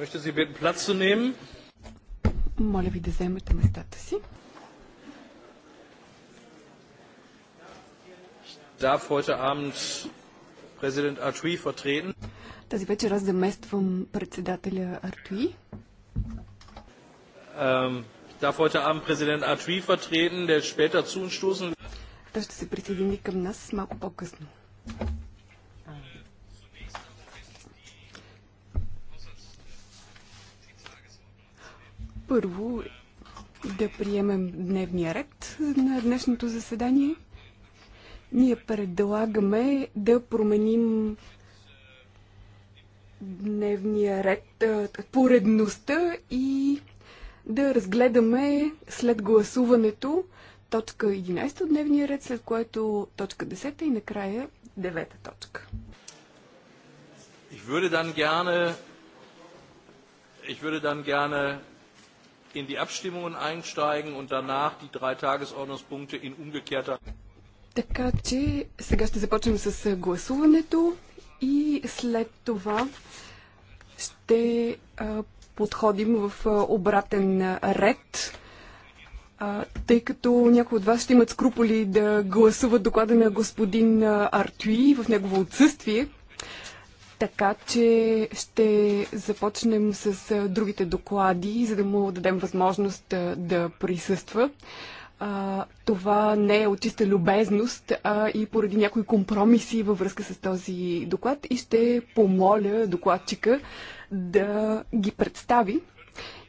Möchte Sie bitten, Platz zu nehmen. Моля ви да вземете местата си. Darf heute Abend Präsident Artui vertreten? Тази вечер аз замествам председателя Артуи. Ähm, darf heute Abend Präsident Artui vertreten, der später zu uns stoßen Той ще се присъедини към нас малко по-късно. Първо, да приемем дневния ред на днешното заседание. Ние предлагаме да променим дневния ред, поредността и да разгледаме след гласуването точка 11 от дневния ред, след което точка 10 и накрая 9 точка. Ich würde dann gerne, ich würde dann gerne in die Abstimmungen einsteigen und danach die drei Tagesordnungspunkte in umgekehrter. Така че сега ще започнем с гласуването и след това ще а, подходим в а, обратен ред, а, тъй като някои от вас ще имат скруполи да гласуват доклада на господин Артюи в негово отсъствие. Така че ще започнем с другите доклади, за да му дадем възможност да присъства. Това не е от чиста любезност, а и поради някои компромиси във връзка с този доклад и ще помоля докладчика да ги представи.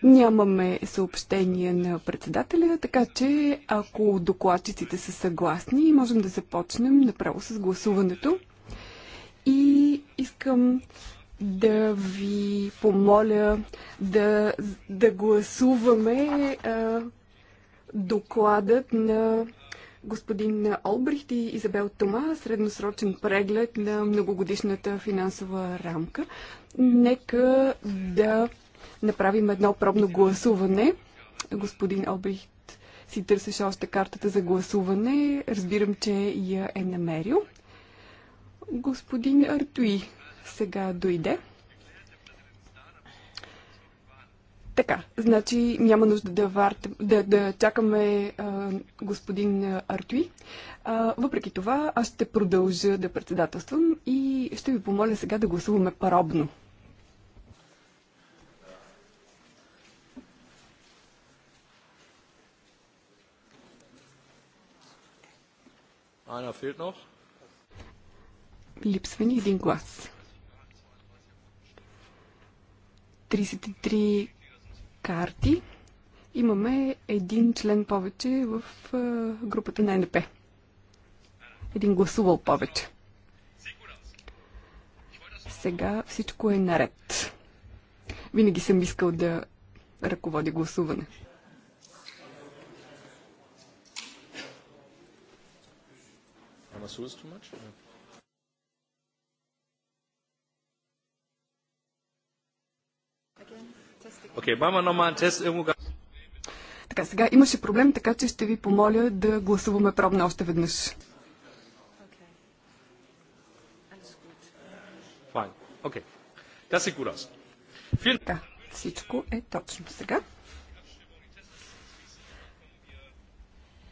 Нямаме съобщение на председателя, така че ако докладчиците са съгласни, можем да започнем направо с гласуването. И искам да ви помоля да, да гласуваме а, докладът на господин Олбрихт и Изабел Тома, средносрочен преглед на многогодишната финансова рамка. Нека да направим едно пробно гласуване. Господин Олбрихт си търсеше още картата за гласуване. Разбирам, че я е намерил. Господин Артуи сега дойде. Така, значи няма нужда да, варт, да, да чакаме а, господин Артуи. А, въпреки това, аз ще продължа да председателствам и ще ви помоля сега да гласуваме паробно. Einer fehlt noch. Липсва ни един глас. 33 карти. Имаме един член повече в групата на НП. Един гласувал повече. Сега всичко е наред. Винаги съм искал да ръководи гласуване. Am I too much? Yeah. мама, но Така, сега имаше проблем, така че ще ви помоля да гласуваме пробно още веднъж. Така, всичко е точно сега.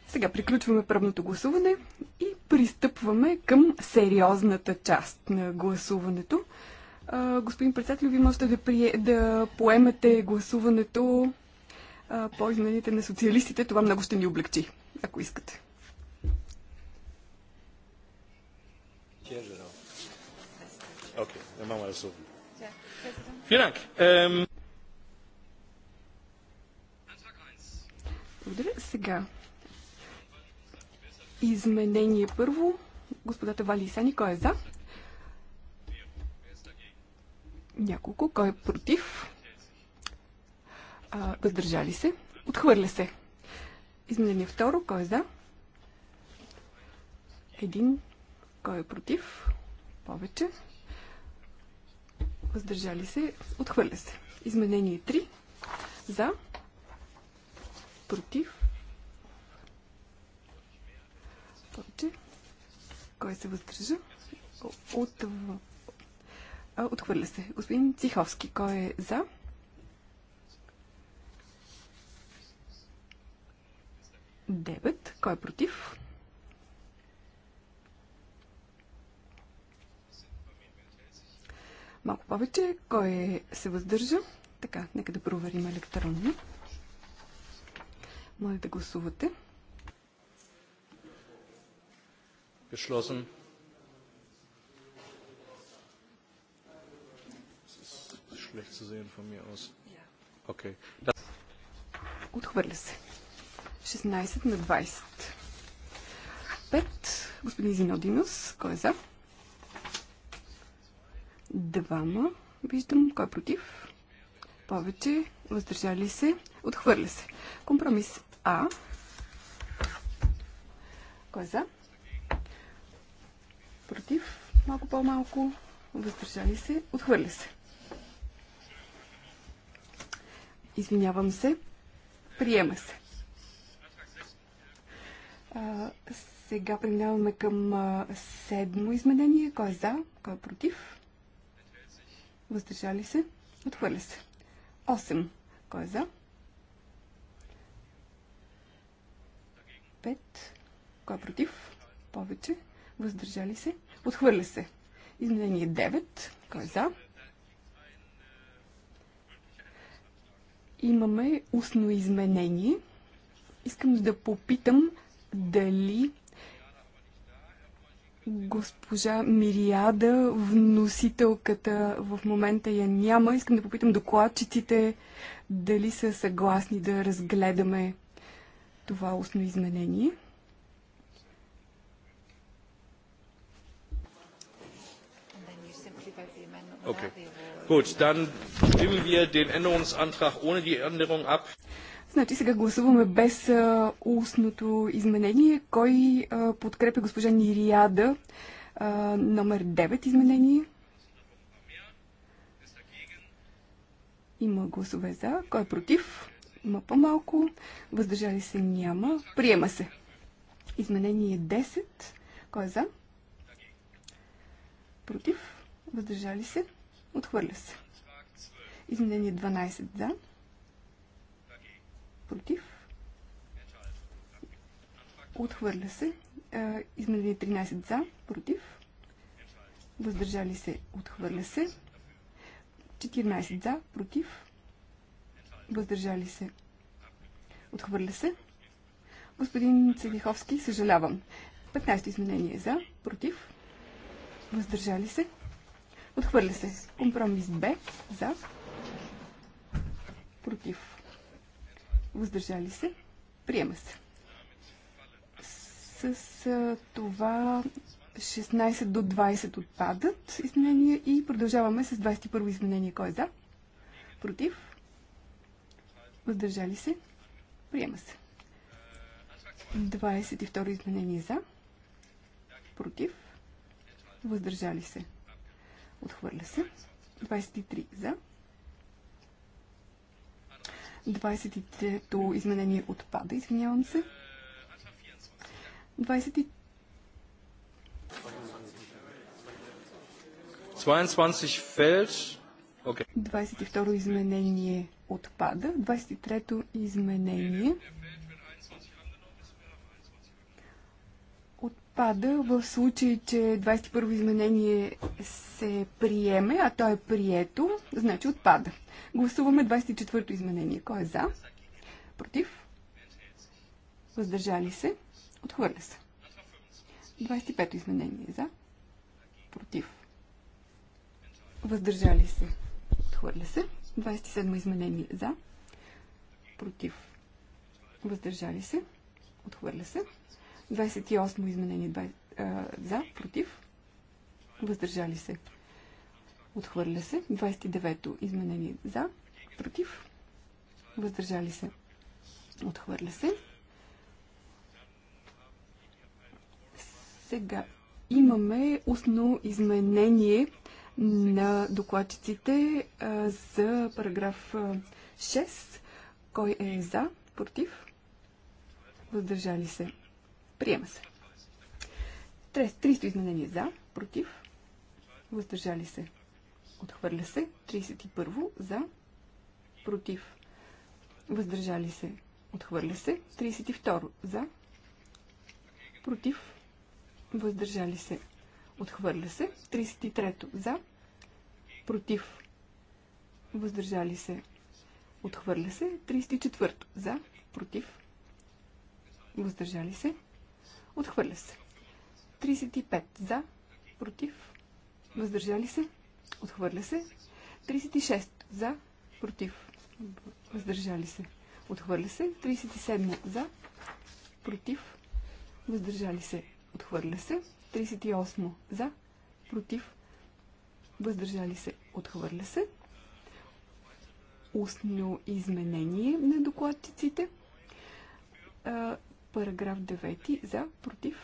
Сега приключваме пробното гласуване и пристъпваме към сериозната част на гласуването – господин председател, ви можете да, прие, да поемете гласуването по измените на социалистите. Това много ще ни облегчи, ако искате. Um, Благодаря. Сега. Изменение първо. Господата Вали Сани, кой е за? Няколко. Кой е против? А, въздържали се. Отхвърля се. Изменение второ. Кой е за? Един. Кой е против? Повече. Въздържали се. Отхвърля се. Изменение 3. За. Против. Повече. Кой се въздържа? От Отхвърля се. Господин Циховски, кой е за? Девет. Кой е против? Малко повече. Кой е, се въздържа? Така, нека да проверим електронно. Моля да гласувате. schlecht zu sehen von mir aus. Okay. Отхвърля се. 16 на 20. Пет. Господин Зинодинус, Кой е за? Двама. Виждам. Кой е против? Повече. Въздържали се. Отхвърля се. Компромис А. Кой е за? Против. Малко по-малко. Въздържали се. Отхвърля се. Извинявам се. Приема се. А, сега преминаваме към а, седмо изменение. Кой е за? Кой е против? Въздържали се? Отхвърля се. 8. Кой е за? Пет. Кой е против? Повече. Въздържали се? Отхвърля се. Изменение 9. Кой е за? имаме устно изменение. Искам да попитам дали госпожа Мириада, вносителката в момента я няма. Искам да попитам докладчиците дали са съгласни да разгледаме това устно изменение. Okay. Gut, dann stimmen wir den Änderungsantrag ohne die Änderung ab. Значи сега гласуваме без а, устното изменение. Кой а, подкрепя госпожа Нириада? А, номер 9 изменение. Има гласове за. Кой е против? Има по-малко. Въздържали се няма. Приема се. Изменение 10. Кой е за? Против? Въздържали се? Отхвърля се. Изменение 12 за. Против. Отхвърля се. Е, изменение 13 за. Против. Въздържали се. Отхвърля се. 14 за. Против. Въздържали се. Отхвърля се. Господин Целиховски, съжалявам. 15 изменение за. Против. Въздържали се. Отхвърля се. Компромис Б. За. Против. Въздържали се. Приема се. С с това 16 до 20 отпадат изменения и продължаваме с 21 изменение. Кой е за? Против. Въздържали се. Приема се. 22 изменение за. Против. Въздържали се. Отхвърля се. 23 за. 23-то изменение отпада, извинявам се. 22 фелш. 22 изменение отпада. 23-то изменение. отпада. спада в случай, че 21 изменение се приеме, а то е прието, значи отпада. Гласуваме 24-то изменение. Кой е за? Против? Въздържали се? Отхвърля се. 25-то изменение. За? Против? Въздържали се? Отхвърля се. 27-то изменение. За? Против? Въздържали се? Отхвърля се. 28 изменение за, против, въздържали се. Отхвърля се. 29-то изменение за, против, въздържали се. Отхвърля се. Сега имаме устно изменение на докладчиците за параграф 6. Кой е за, против, въздържали се. Приема се. 300 изменения за, против, въздържали се. Отхвърля се. 31 за, против, въздържали се. Отхвърля се. 32 за, против, въздържали се. Отхвърля се. 33 за, против, въздържали се. Отхвърля се. 34 за, против, въздържали се. Отхвърля се. 35 за, против, въздържали се. Отхвърля се. 36 за, против, въздържали се. Отхвърля се. 37 за, против, въздържали се. Отхвърля се. 38 за, против, въздържали се. Отхвърля се. Устно изменение на докладчиците. Параграф 9 за, против,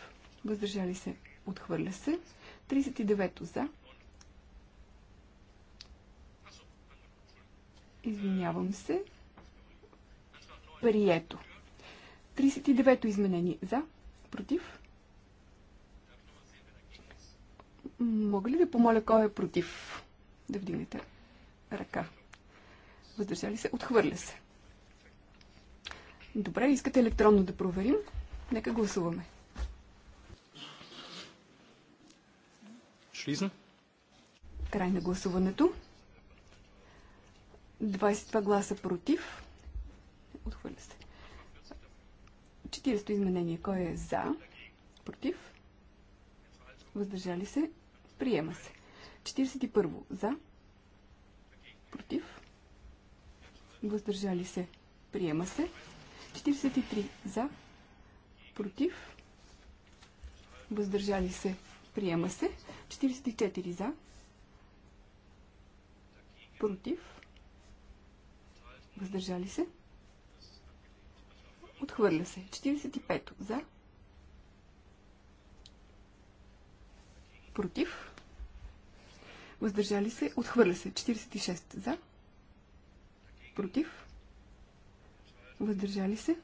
въздържали се, отхвърля се. 39 за. Извинявам се. Прието. 39 изменени за, против. Мога ли да помоля кой е против? Да вдигнете ръка. Въздържали се, отхвърля се. Добре, искате електронно да проверим? Нека гласуваме. Шлизна. Край на гласуването. 22 гласа против. Отхвърля се. 40 изменение. Кой е за? Против? Въздържали се? Приема се. 41 За? Против? Въздържали се? Приема се. 43 за, против, въздържали се, приема се. 44 за, против, въздържали се, отхвърля се. 45 за, против, въздържали се, отхвърля се. 46 за, против, Въздържали се?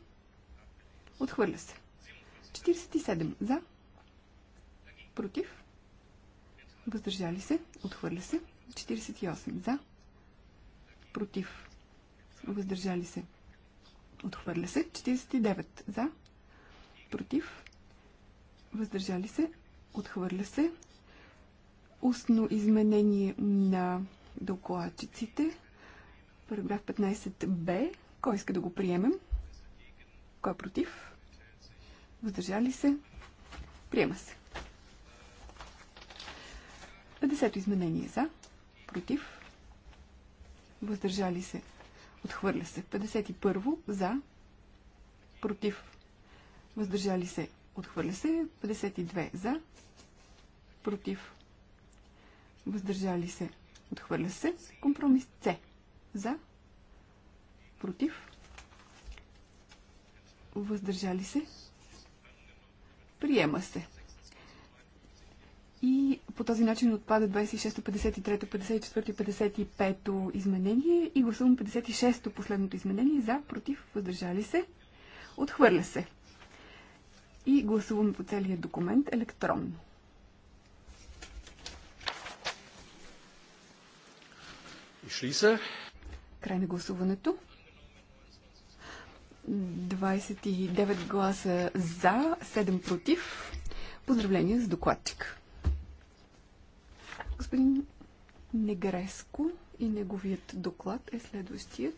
Отхвърля се. 47 за. Против. Въздържали се? Отхвърля се. 48 за. Против. Въздържали се? Отхвърля се. 49 за. Против. Въздържали се? Отхвърля се. Устно изменение на докладчиците. Параграф 15б кой иска да го приемем? Кой е против? Въздържали се? Приема се. 50-то изменение за, против, въздържали се, отхвърля се. 51-во за, против, въздържали се, отхвърля се. 52 за, против, въздържали се, отхвърля се. Компромис С за, против, въздържали се, приема се. И по този начин отпада 26, 53, 54, 55 изменение и гласувам 56-то последното изменение за, против, въздържали се, отхвърля се. И гласуваме по целия документ електронно. Ишли се. Край на гласуването. 29 гласа за, 7 против. Поздравление с докладчик. Господин Негреско и неговият доклад е следващия.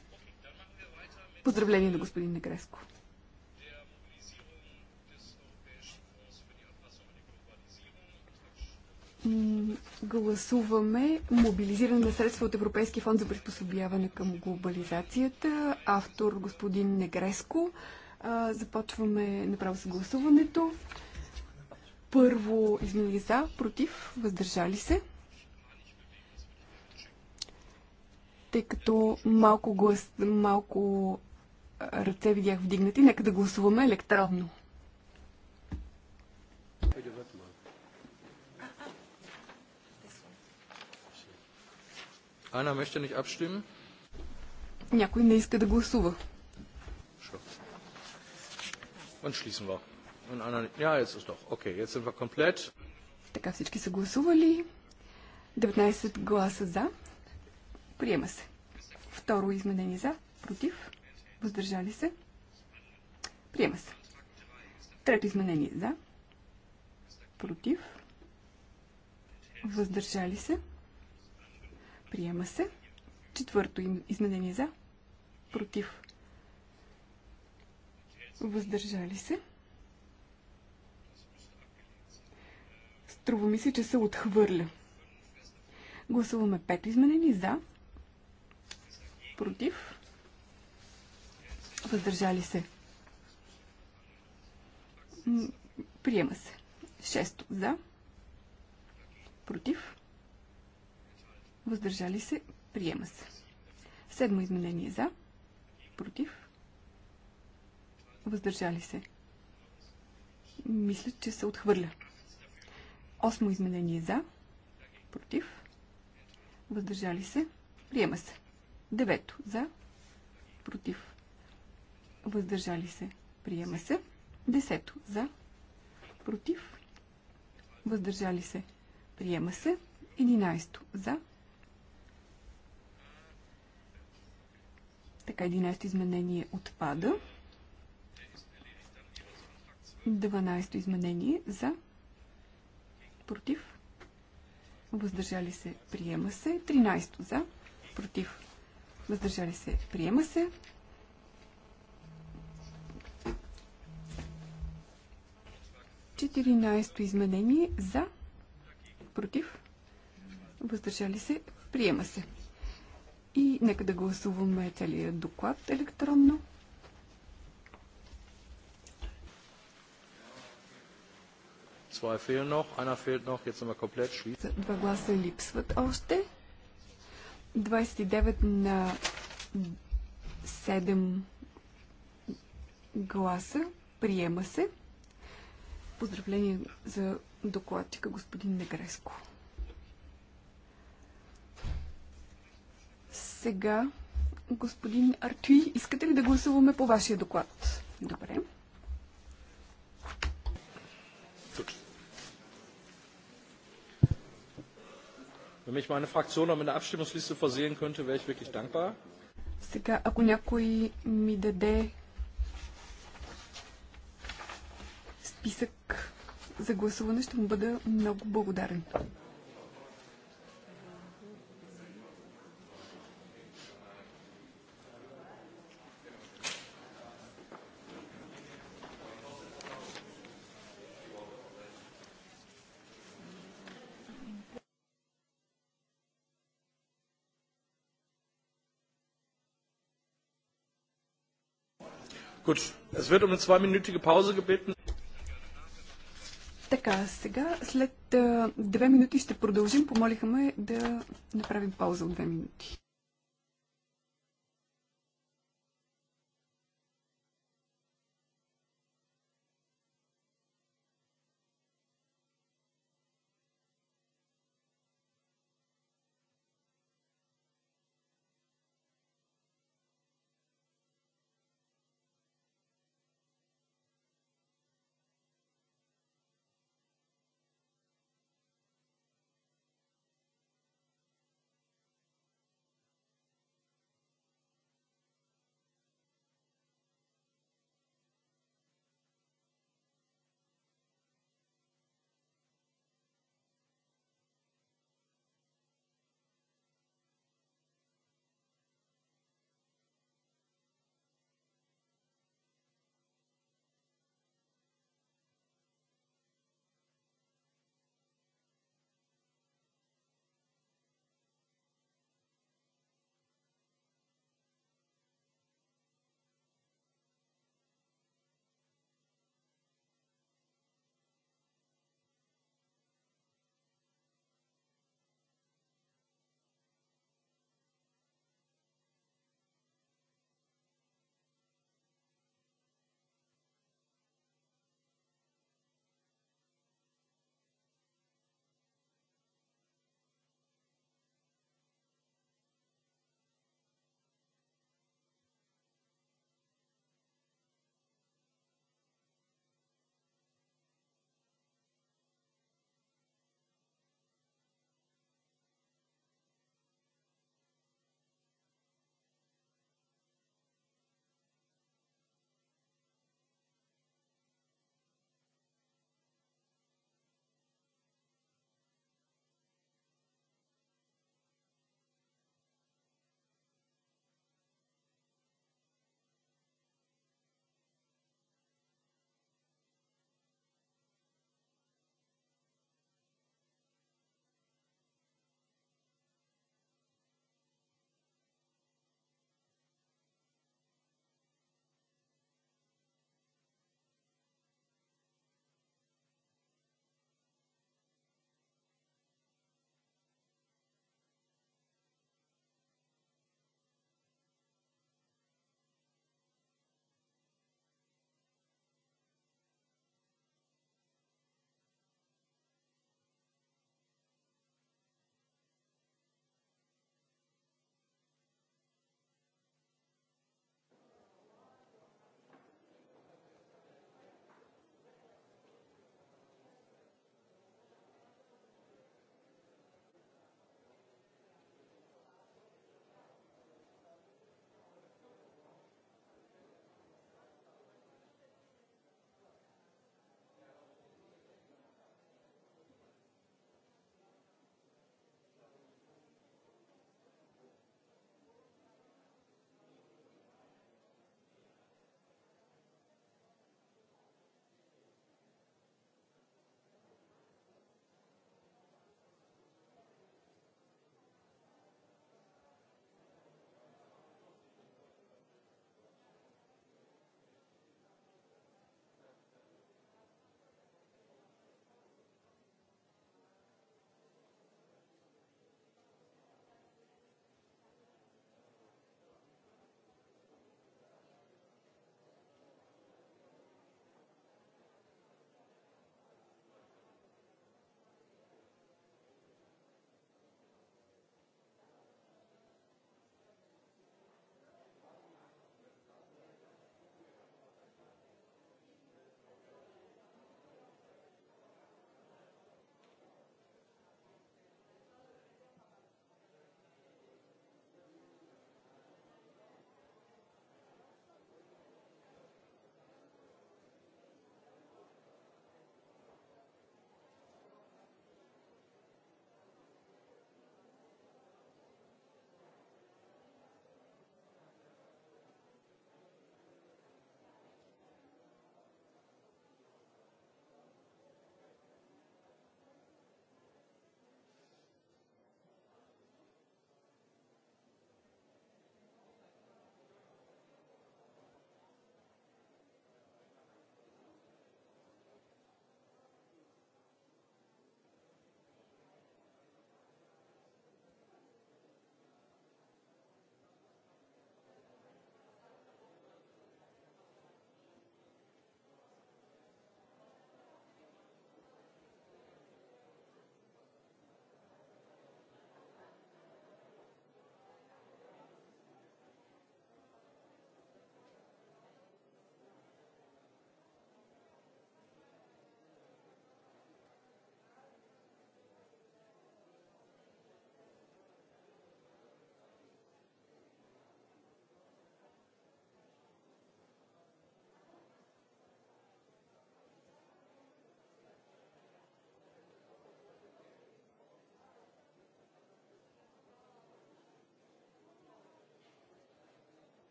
Поздравление на господин Негреско. гласуваме мобилизиране на средства от Европейския фонд за приспособяване към глобализацията. Автор господин Негреско. Започваме направо с гласуването. Първо изменили за, против, въздържали се. Тъй като малко, глас, малко ръце видях вдигнати, нека да гласуваме електронно. Einer möchte nicht abstimmen? Някой не иска да гласува. Така всички са гласували. 19 гласа за. Приема се. Второ изменение за. Против. Въздържали се. Приема се. Трето изменение за. Против. Въздържали се. Приема се. Четвърто изменение за. Против. Въздържали се. Струва ми се, че се отхвърля. Гласуваме пето изменение за. Против. Въздържали се. Приема се. Шесто за. Против въздържали се, приема се. Седмо изменение за, против, въздържали се. Мисля, че се отхвърля. Осмо изменение за, против, въздържали се, приема се. Девето за, против, въздържали се, приема се. Десето за, против, въздържали се, приема се. Единайсто за, против, Така 11 изменение отпада. 12 изменение за против. Въздържали се, приема се. 13 за против. Въздържали се, приема се. Четиринайсто изменение за против. Въздържали се, приема се. И нека да гласуваме целия доклад електронно. Два гласа липсват още. 29 на 7 гласа. Приема се. Поздравление за докладчика господин Негреско. Сега, господин Артуи, искате ли да гласуваме по вашия доклад? Добре. Сега, ако някой ми даде списък за гласуване, ще му бъда много благодарен. Gut, es wird um eine zweiminütige Pause gebeten. Така, сега след две минути ще продължим. Помолиха ме да направим пауза от две минути.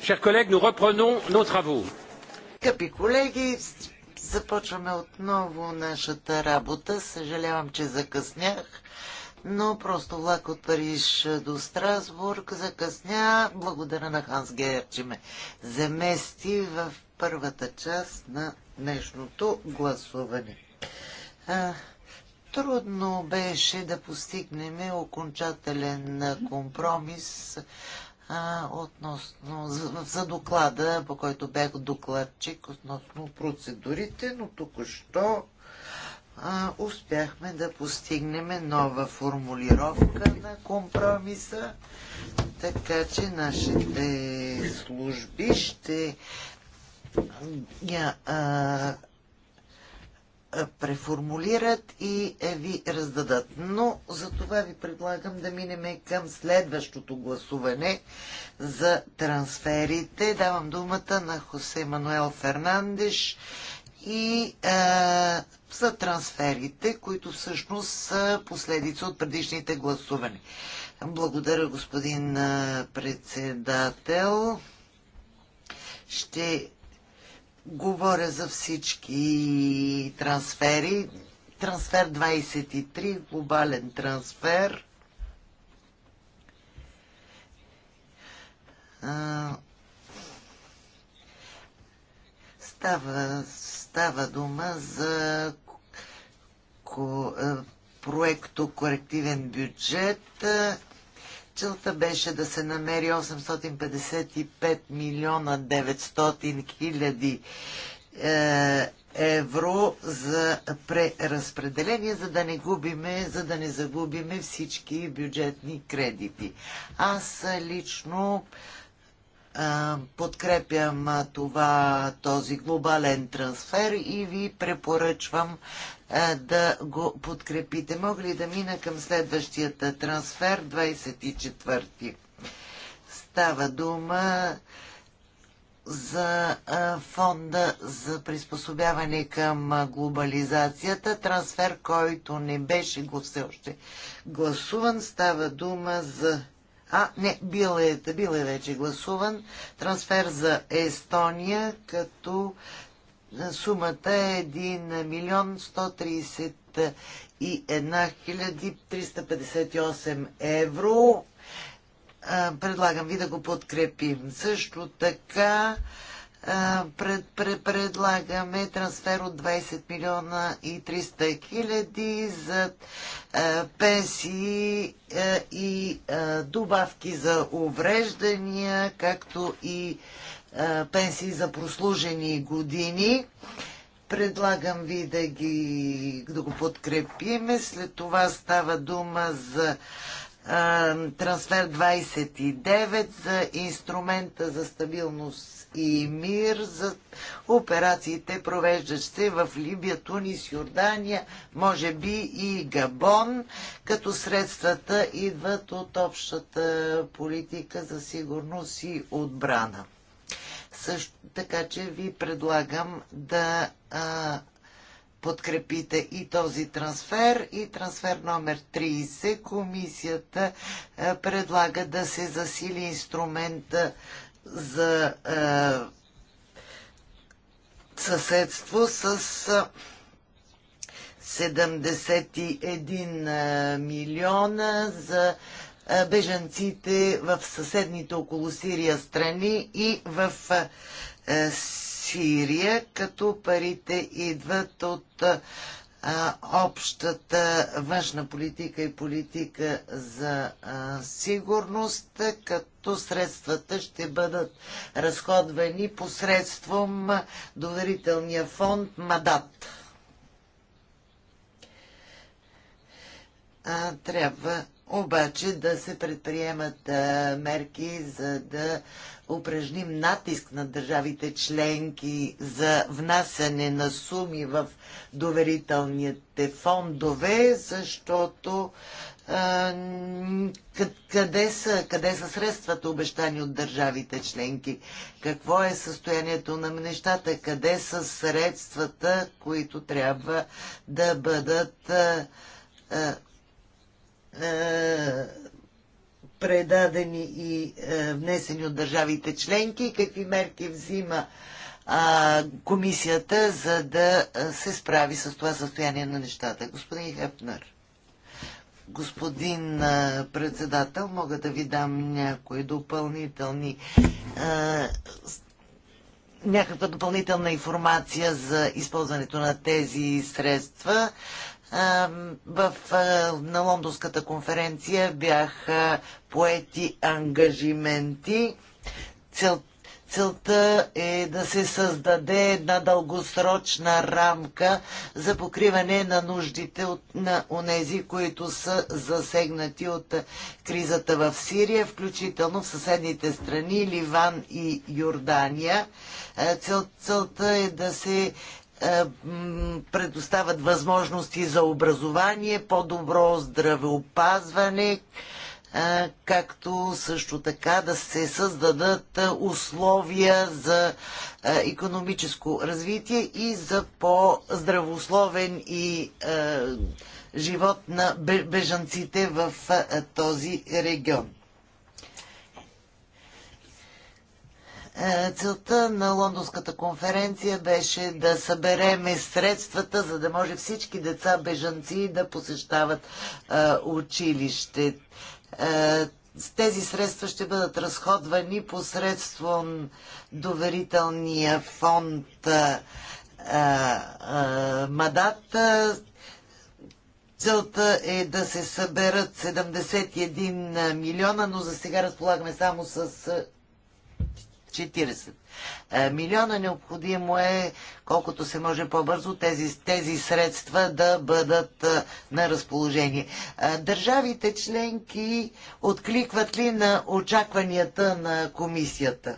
Chers collègues, nous reprenons nos travaux. Скъпи колеги, започваме отново нашата работа. Съжалявам, че закъснях, но просто влак от Париж до Страсбург закъсня. Благодаря на Ханс Гейер, че ме замести в първата част на днешното гласуване. Трудно беше да постигнем окончателен компромис а, относно за, за доклада, по който бях докладчик, относно процедурите, но току-що успяхме да постигнем нова формулировка на компромиса, така че нашите служби ще я а, преформулират и е ви раздадат. Но за това ви предлагам да минем към следващото гласуване за трансферите. Давам думата на Хосе Мануел Фернандеш и а, е, за трансферите, които всъщност са последица от предишните гласуване. Благодаря, господин е, председател. Ще говоря за всички трансфери. Трансфер 23, глобален трансфер. става, става дума за проекто корективен бюджет Целта беше да се намери 855 милиона 900 хиляди е, евро за преразпределение, за да не губиме, за да не загубиме всички бюджетни кредити. Аз лично е, подкрепям това, този глобален трансфер и ви препоръчвам да го подкрепите. Мога ли да мина към следващията трансфер, 24 Става дума за фонда за приспособяване към глобализацията, трансфер, който не беше го все още гласуван. Става дума за... А, не, бил е, бил е вече гласуван. Трансфер за Естония, като сумата е 1 милион 131 358 евро. Предлагам ви да го подкрепим. Също така пред, пред, предлагаме трансфер от 20 милиона и 300 хиляди за а, пенсии и добавки за увреждания, както и е, пенсии за прослужени години. Предлагам ви да, ги, да го подкрепиме. След това става дума за а, е, трансфер 29 за инструмента за стабилност и мир за операциите, провеждащи се в Либия, Тунис, Йордания, може би и Габон, като средствата идват от общата политика за сигурност и отбрана. Също, така че ви предлагам да а, подкрепите и този трансфер и трансфер номер 30. Комисията а, предлага да се засили инструмента за а, съседство с а, 71 милиона за бежанците в съседните около Сирия страни и в Сирия, като парите идват от общата външна политика и политика за сигурност, като средствата ще бъдат разходвани посредством доверителния фонд МАДАТ. Трябва обаче да се предприемат а, мерки, за да упражним натиск на държавите членки за внасяне на суми в доверителните фондове, защото а, къде са, къде са средствата обещани от държавите членки? Какво е състоянието на нещата? Къде са средствата, които трябва да бъдат а, е, предадени и е, внесени от държавите членки и какви мерки взима е, комисията, за да се справи с това състояние на нещата. Господин Хепнер. Господин председател, мога да ви дам някои допълнителни някаква допълнителна информация за използването на тези средства в, на Лондонската конференция бяха поети ангажименти. Цел, целта е да се създаде една дългосрочна рамка за покриване на нуждите от, на онези, които са засегнати от кризата в Сирия, включително в съседните страни Ливан и Йордания. Цел, целта е да се е, предоставят възможности за образование, по-добро здравеопазване, е, както също така да се създадат е, условия за економическо развитие и за по-здравословен и живот на бежанците в този регион. Е, целта на лондонската конференция беше да събереме средствата, за да може всички деца бежанци да посещават е, училище. Е, тези средства ще бъдат разходвани посредством доверителния фонд МАДАТ. Целта е да се съберат 71 милиона, но за сега разполагаме само с 40 е, милиона. Необходимо е, колкото се може по-бързо, тези, тези средства да бъдат е, на разположение. Е, държавите членки откликват ли на очакванията на комисията?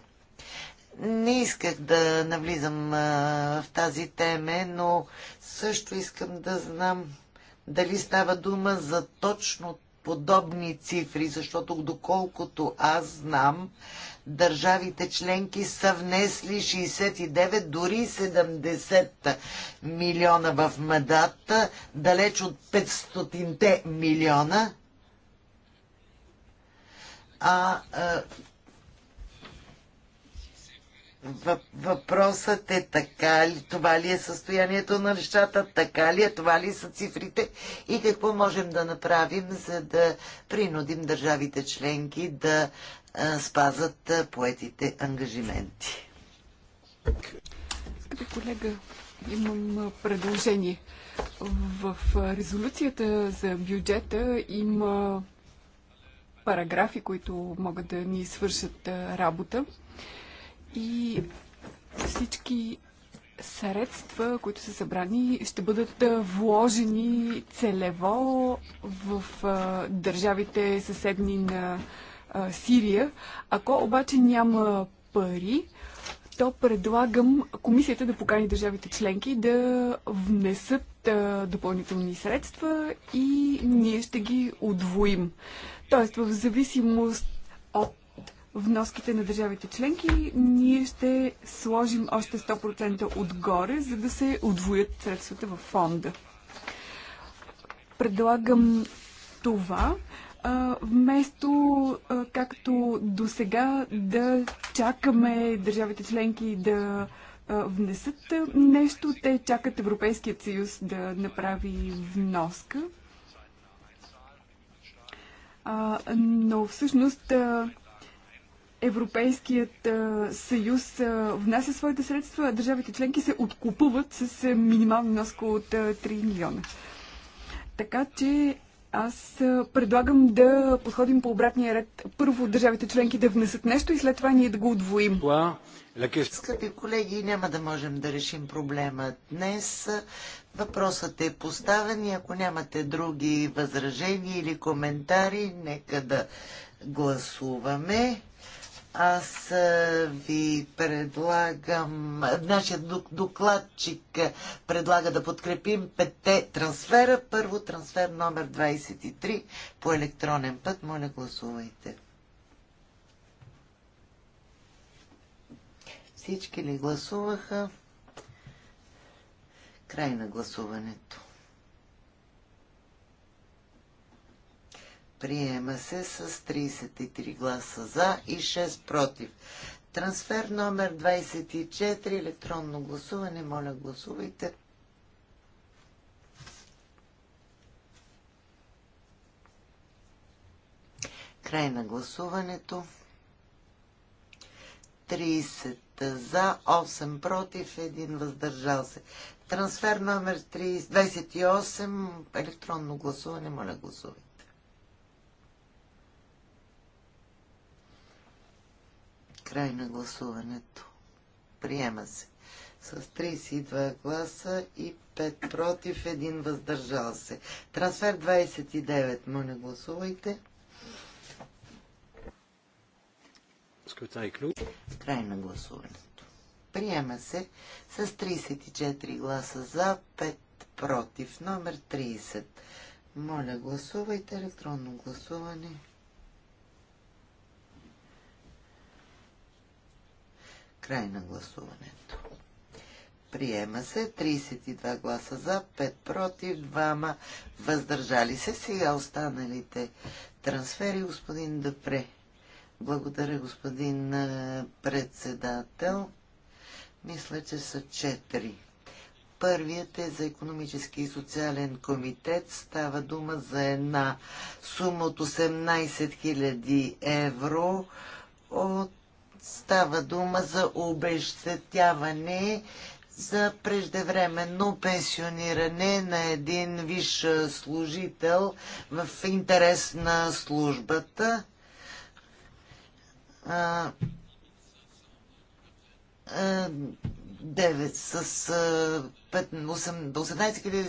Не исках да навлизам в тази теме, но също искам да знам дали става дума за точно подобни цифри, защото доколкото аз знам, държавите членки са внесли 69, дори 70 милиона в медата, далеч от 500-те милиона. А, а Въпросът е така ли, това ли е състоянието на нещата, така ли е, това ли са цифрите и какво можем да направим, за да принудим държавите членки да спазат поетите ангажименти. Скъпи колега, имам предложение. В резолюцията за бюджета има параграфи, които могат да ни свършат работа. И всички средства, които са събрани, ще бъдат вложени целево в държавите съседни на Сирия. Ако обаче няма пари, то предлагам комисията да покани държавите членки да внесат а, допълнителни средства и ние ще ги удвоим. Тоест, в зависимост от вноските на държавите членки, ние ще сложим още 100% отгоре, за да се удвоят средствата в фонда. Предлагам това вместо както до сега да чакаме държавите членки да внесат нещо, те чакат Европейският съюз да направи вноска. но всъщност Европейският съюз внася своите средства, а държавите членки се откупуват с минимална вноска от 3 милиона. Така че аз предлагам да подходим по обратния ред. Първо държавите членки да внесат нещо и след това ние да го отвоим. Скъпи колеги, няма да можем да решим проблема днес. Въпросът е поставен и ако нямате други възражения или коментари, нека да гласуваме. Аз ви предлагам, нашият докладчик предлага да подкрепим петте трансфера. Първо трансфер номер 23 по електронен път. Моля, гласувайте. Всички ли гласуваха? Край на гласуването. Приема се с 33 гласа за и 6 против. Трансфер номер 24, електронно гласуване. Моля, гласувайте. Край на гласуването. 30 за, 8 против, 1 въздържал се. Трансфер номер 28, електронно гласуване. Моля, гласувайте. Край на гласуването. Приема се. С 32 гласа и 5 против, 1 въздържал се. Трансфер 29. Моля, гласувайте. Край на гласуването. Приема се с 34 гласа за, 5 против, номер 30. Моля, гласувайте електронно гласуване. Край на гласуването. Приема се 32 гласа за, 5 против, 2 въздържали се. Сега останалите трансфери, господин Дъпре. Благодаря, господин председател. Мисля, че са 4. Първият е за економически и социален комитет. Става дума за една сума от 18 000 евро от става дума за обещетяване за преждевременно пенсиониране на един висш служител в интерес на службата. Девет с 18 000, 15 000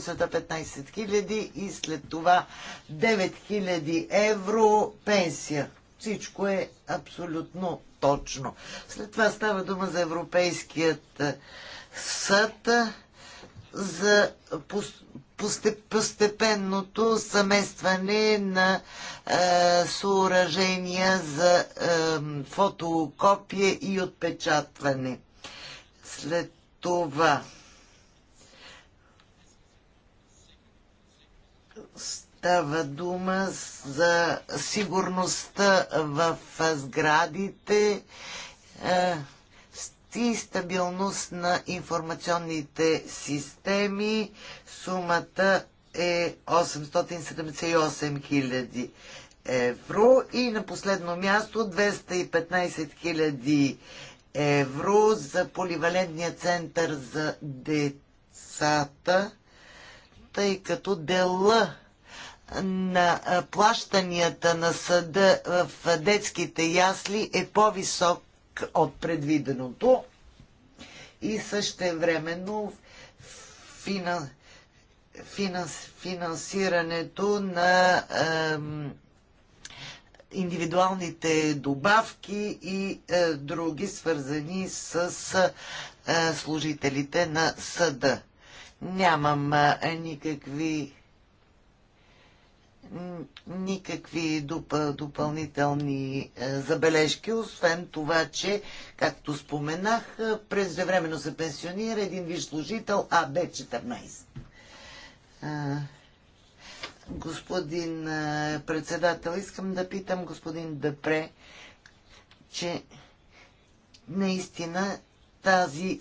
и след това 9 000 евро пенсия. Всичко е абсолютно точно. След това става дума за Европейският е, съд е, за постепенното съместване на е, съоръжения за е, фотокопие и отпечатване. След това Става дума за сигурността в сградите е, и стабилност на информационните системи. Сумата е 878 хиляди евро и на последно място 215 хиляди евро за поливалентния център за децата, тъй като дела на плащанията на съда в детските ясли е по-висок от предвиденото и същевременно времено финансирането на индивидуалните добавки и е, други свързани с е, служителите на съда. Нямам е, никакви никакви доп- допълнителни е, забележки, освен това, че, както споменах, е, през времено се пенсионира един виж служител АБ-14. Е, господин председател, искам да питам господин Депре, че наистина тази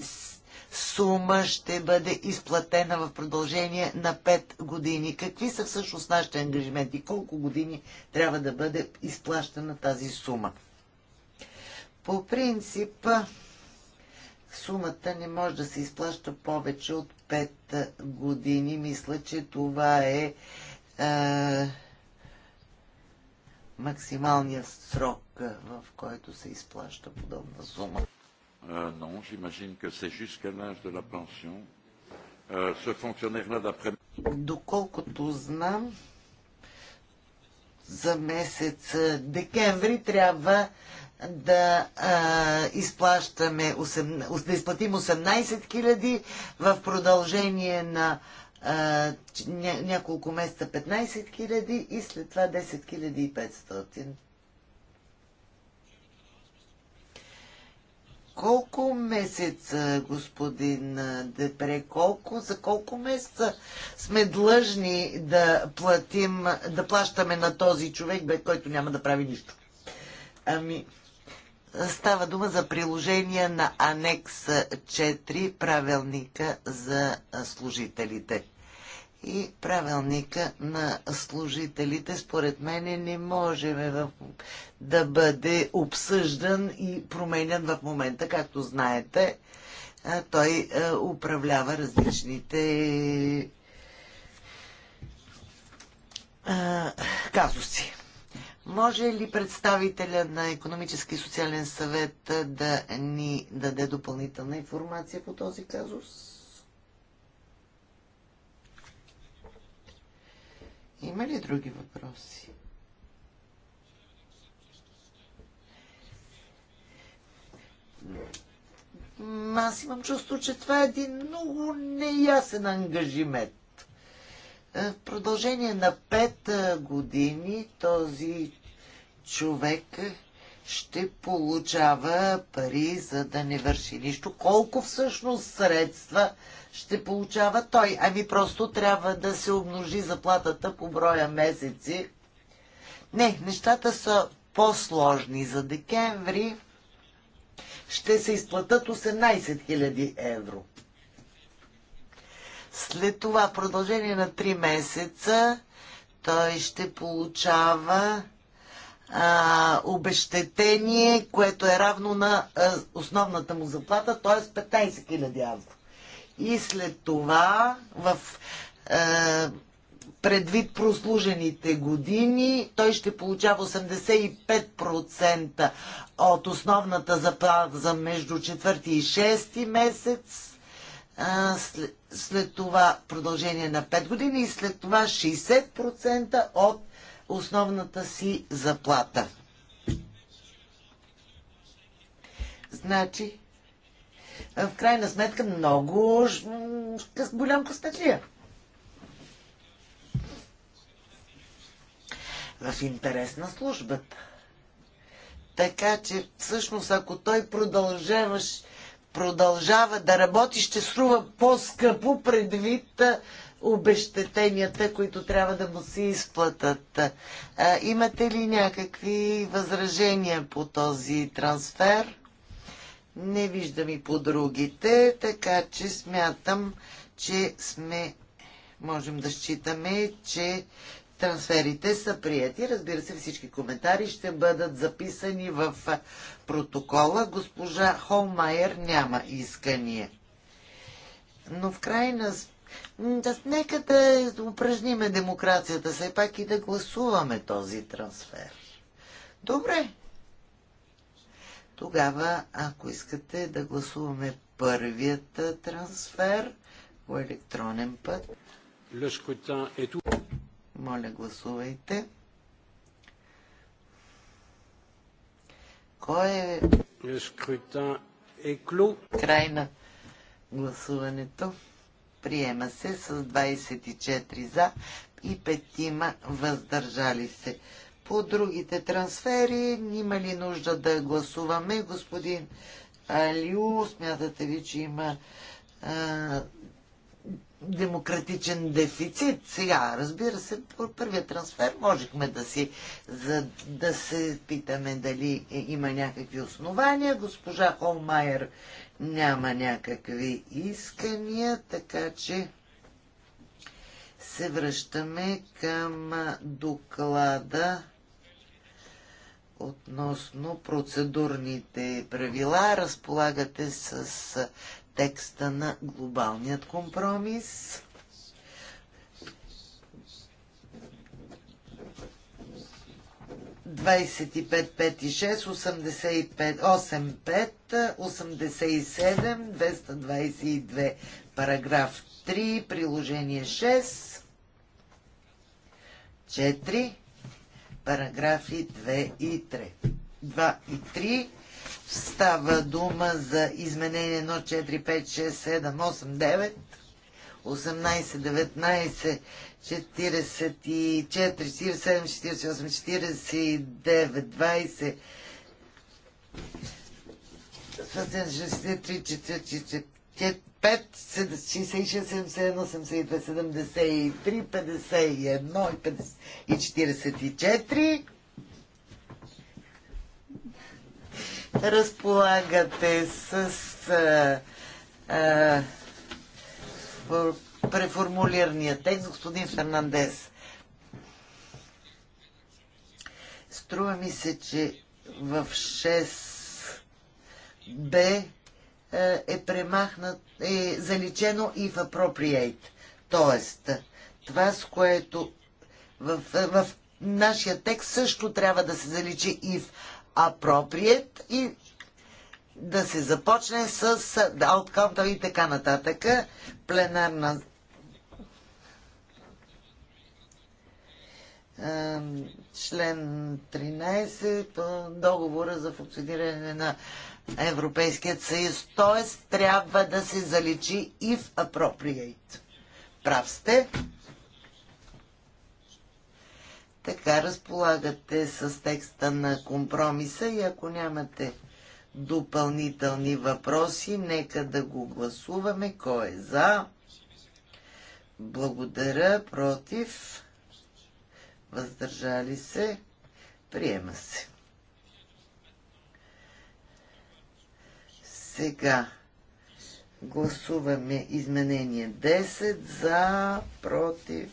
сума ще бъде изплатена в продължение на 5 години. Какви са всъщност нашите ангажименти? Колко години трябва да бъде изплащана тази сума? По принцип, сумата не може да се изплаща повече от 5 години. Мисля, че това е, е максималният срок, в който се изплаща подобна сума. Euh, non, j'imagine que c'est jusqu'à l'âge de la pension. Euh, ce fonctionnaire-là, d'après... Доколкото знам, за месец декември трябва да а, изплащаме 8, да изплатим 18 000 в продължение на а, ня, няколко месеца 15 000 и след това 10 500. колко месеца, господин Депре, колко, за колко месеца сме длъжни да платим, да плащаме на този човек, бе, който няма да прави нищо? Ами, става дума за приложение на анекс 4, правилника за служителите и правилника на служителите, според мен, не може да бъде обсъждан и променен в момента. Както знаете, той управлява различните казуси. Може ли представителя на Економически и социален съвет да ни даде допълнителна информация по този казус? Има ли други въпроси? Аз имам чувство, че това е един много неясен ангажимент. Е, в продължение на пет е, години този човек ще получава пари, за да не върши нищо. Колко всъщност средства ще получава той. Ами просто трябва да се умножи заплатата по броя месеци. Не, нещата са по-сложни. За декември ще се изплатат 18 000 евро. След това, в продължение на 3 месеца, той ще получава а, обещетение, което е равно на а, основната му заплата, т.е. 15 000 евро и след това в е, предвид прослужените години, той ще получава 85% от основната заплата между 4 и 6 месец, е, след, след това продължение на 5 години и след това 60% от основната си заплата. Значи, в крайна сметка много голям късметлия. В интерес на службата. Така че всъщност ако той продължаваш, продължава да работи, ще струва по-скъпо предвид обещетенията, които трябва да му се изплатат. А, имате ли някакви възражения по този трансфер? Не виждам и по другите, така че смятам, че сме, можем да считаме, че трансферите са прияти. Разбира се, всички коментари ще бъдат записани в протокола. Госпожа Холмайер няма искания. Но в крайна да, нека да упражниме демокрацията, все пак и да гласуваме този трансфер. Добре, тогава, ако искате да гласуваме първият трансфер по електронен път, моля гласувайте. Кой е... е Край на гласуването. Приема се с 24 за и 5 въздържали се. По другите трансфери има ли нужда да гласуваме? Господин Алиу, смятате ли, че има а, демократичен дефицит? Сега, разбира се, по първия трансфер можехме да си за, да се питаме дали е, има някакви основания. Госпожа Холмайер няма някакви искания, така че се връщаме към доклада относно процедурните правила. Разполагате с текста на глобалният компромис. Двадесет и пет, пет и шест, осемдесет и пет, осем пет, осемдесет и седем, двеста и две, параграф три, приложение шест, четири, параграфи 2 и 3. 2 3. Става дума за изменение 1, 4, 5, 6, 7, 8, 9, 18, 19, 44, 47, 48, 49, 20, 63, 44, 5, 66, 71, 73, 51 и, и 44. Разполагате с а, а, преформулирания текст, господин Фернандес. Струва ми се, че в 6 Б е премахнат, е заличено и в appropriate. Тоест, това с което в, в нашия текст също трябва да се заличи и в appropriate и да се започне с outcome и така нататък. Пленарна член 13 по договора за функциониране на Европейският съюз. Тоест, трябва да се заличи и в appropriate. Прав сте. Така разполагате с текста на компромиса и ако нямате допълнителни въпроси, нека да го гласуваме. Кой е за? Благодаря, против, въздържали се, приема се. Сега гласуваме изменение 10 за, против,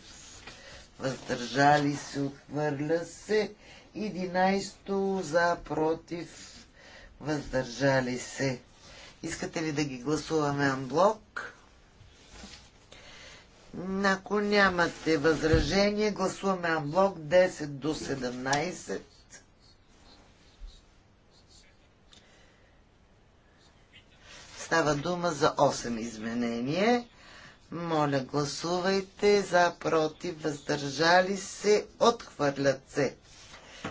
въздържали се, отвърля се. 11 за, против, въздържали се. Искате ли да ги гласуваме анблок? Ако нямате възражение, гласуваме анблок 10 до 17 Става дума за 8 изменения. Моля, гласувайте за, против, въздържали се, отхвърлят се.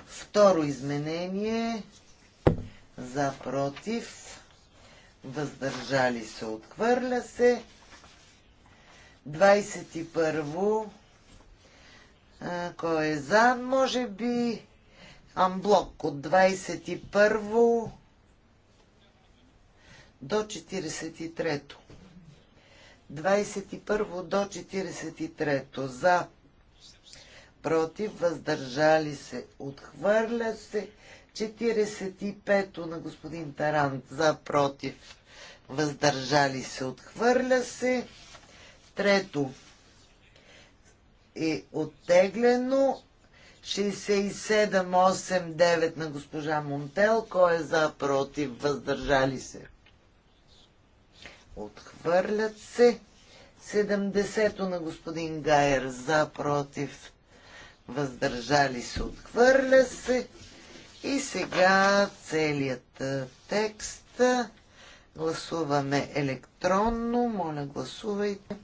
Второ изменение за, против, въздържали се, отхвърля се. 21. во кой е за? Може би амблок от 21 до 43-то. 21 до 43 за против, въздържали се, отхвърля се. 45-то на господин Тарант за против, въздържали се, отхвърля се. Трето е оттеглено. 67-8-9 на госпожа Монтел, кой е за против, въздържали се. Отхвърлят се. 70-то на господин Гайер за, против, въздържали се, отхвърля се. И сега целият текст. Гласуваме електронно. Моля, гласувайте.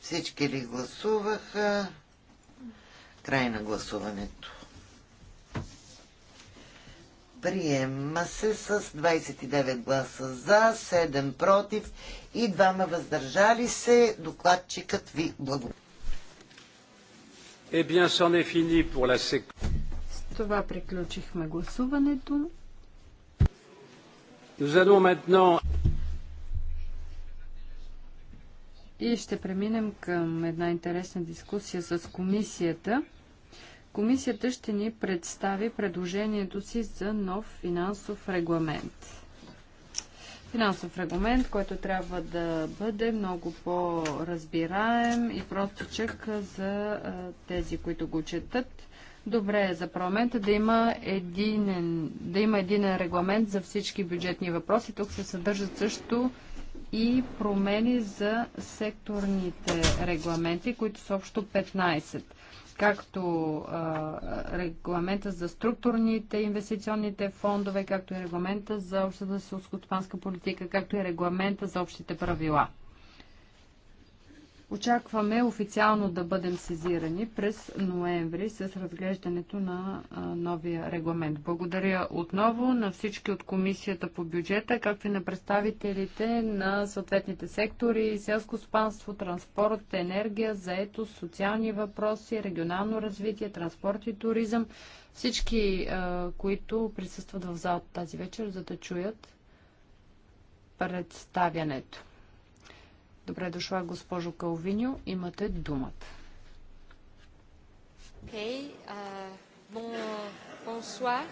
Всички ли гласуваха? Край на гласуването. Приема се с 29 гласа за, 7 против и 2 въздържали се. Докладчикът ви благодаря. Eh с това приключихме гласуването. Nous allons maintenant... И ще преминем към една интересна дискусия с комисията. Комисията ще ни представи предложението си за нов финансов регламент. Финансов регламент, който трябва да бъде много по-разбираем и простичък за тези, които го четат. Добре е за парламента да има, единен, да има единен регламент за всички бюджетни въпроси. Тук се съдържат също и промени за секторните регламенти, които са общо 15 както а, регламента за структурните инвестиционните фондове, както и регламента за общата селскостопанска политика, както и регламента за общите правила. Очакваме официално да бъдем сезирани през ноември с разглеждането на новия регламент. Благодаря отново на всички от Комисията по бюджета, както и на представителите на съответните сектори, селско спанство, транспорт, енергия, заето, социални въпроси, регионално развитие, транспорт и туризъм. Всички, които присъстват в залата тази вечер, за да чуят представянето. Добре дошла, госпожо Калвиньо. Имате думата. Okay, uh, bon,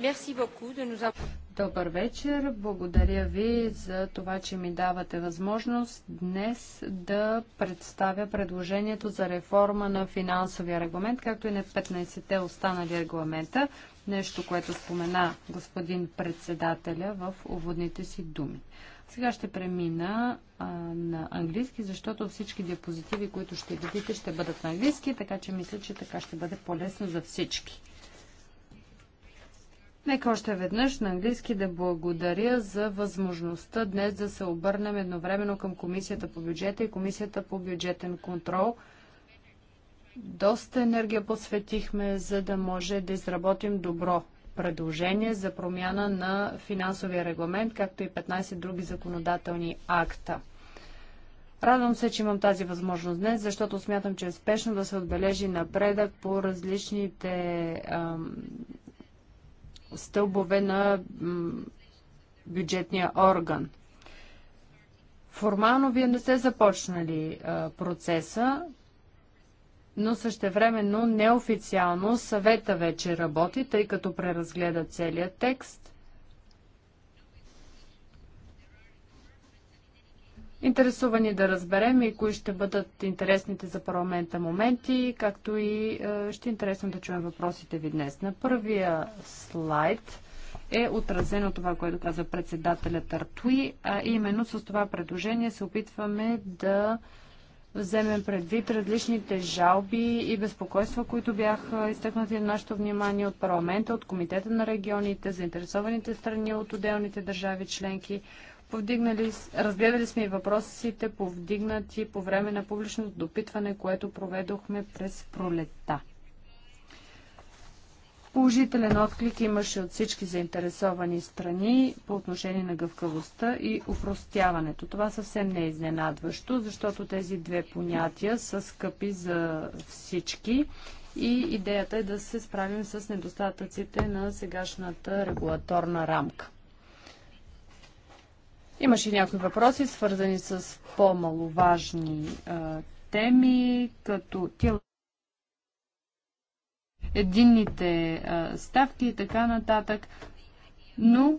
Merci de nous Добър вечер. Благодаря ви за това, че ми давате възможност днес да представя предложението за реформа на финансовия регламент, както и на 15-те останали регламента. Нещо, което спомена господин председателя в уводните си думи. Сега ще премина а, на английски, защото всички диапозитиви, които ще видите, ще бъдат на английски, така че мисля, че така ще бъде по-лесно за всички. Нека още веднъж на английски да благодаря за възможността днес да се обърнем едновременно към Комисията по бюджета и Комисията по бюджетен контрол – доста енергия посветихме, за да може да изработим добро предложение за промяна на финансовия регламент, както и 15 други законодателни акта. Радвам се, че имам тази възможност днес, защото смятам, че е спешно да се отбележи напредък по различните ам, стълбове на ам, бюджетния орган. Формално вие не сте започнали а, процеса, но същевременно неофициално съвета вече работи, тъй като преразгледа целият текст. Интересувани да разберем и кои ще бъдат интересните за парламента моменти, както и е, ще е интересно да чуем въпросите ви днес. На първия слайд е отразено това, което каза председателят Артуи, а именно с това предложение се опитваме да вземем предвид различните жалби и безпокойства, които бяха изтъкнати на нашето внимание от парламента, от комитета на регионите, заинтересованите страни от отделните държави членки. Повдигнали, разгледали сме и въпросите, повдигнати по време на публичното допитване, което проведохме през пролетта. Положителен отклик имаше от всички заинтересовани страни по отношение на гъвкавостта и упростяването. Това съвсем не е изненадващо, защото тези две понятия са скъпи за всички и идеята е да се справим с недостатъците на сегашната регулаторна рамка. Имаше някои въпроси, свързани с по-маловажни теми, като тяло единните ставки и така нататък. Но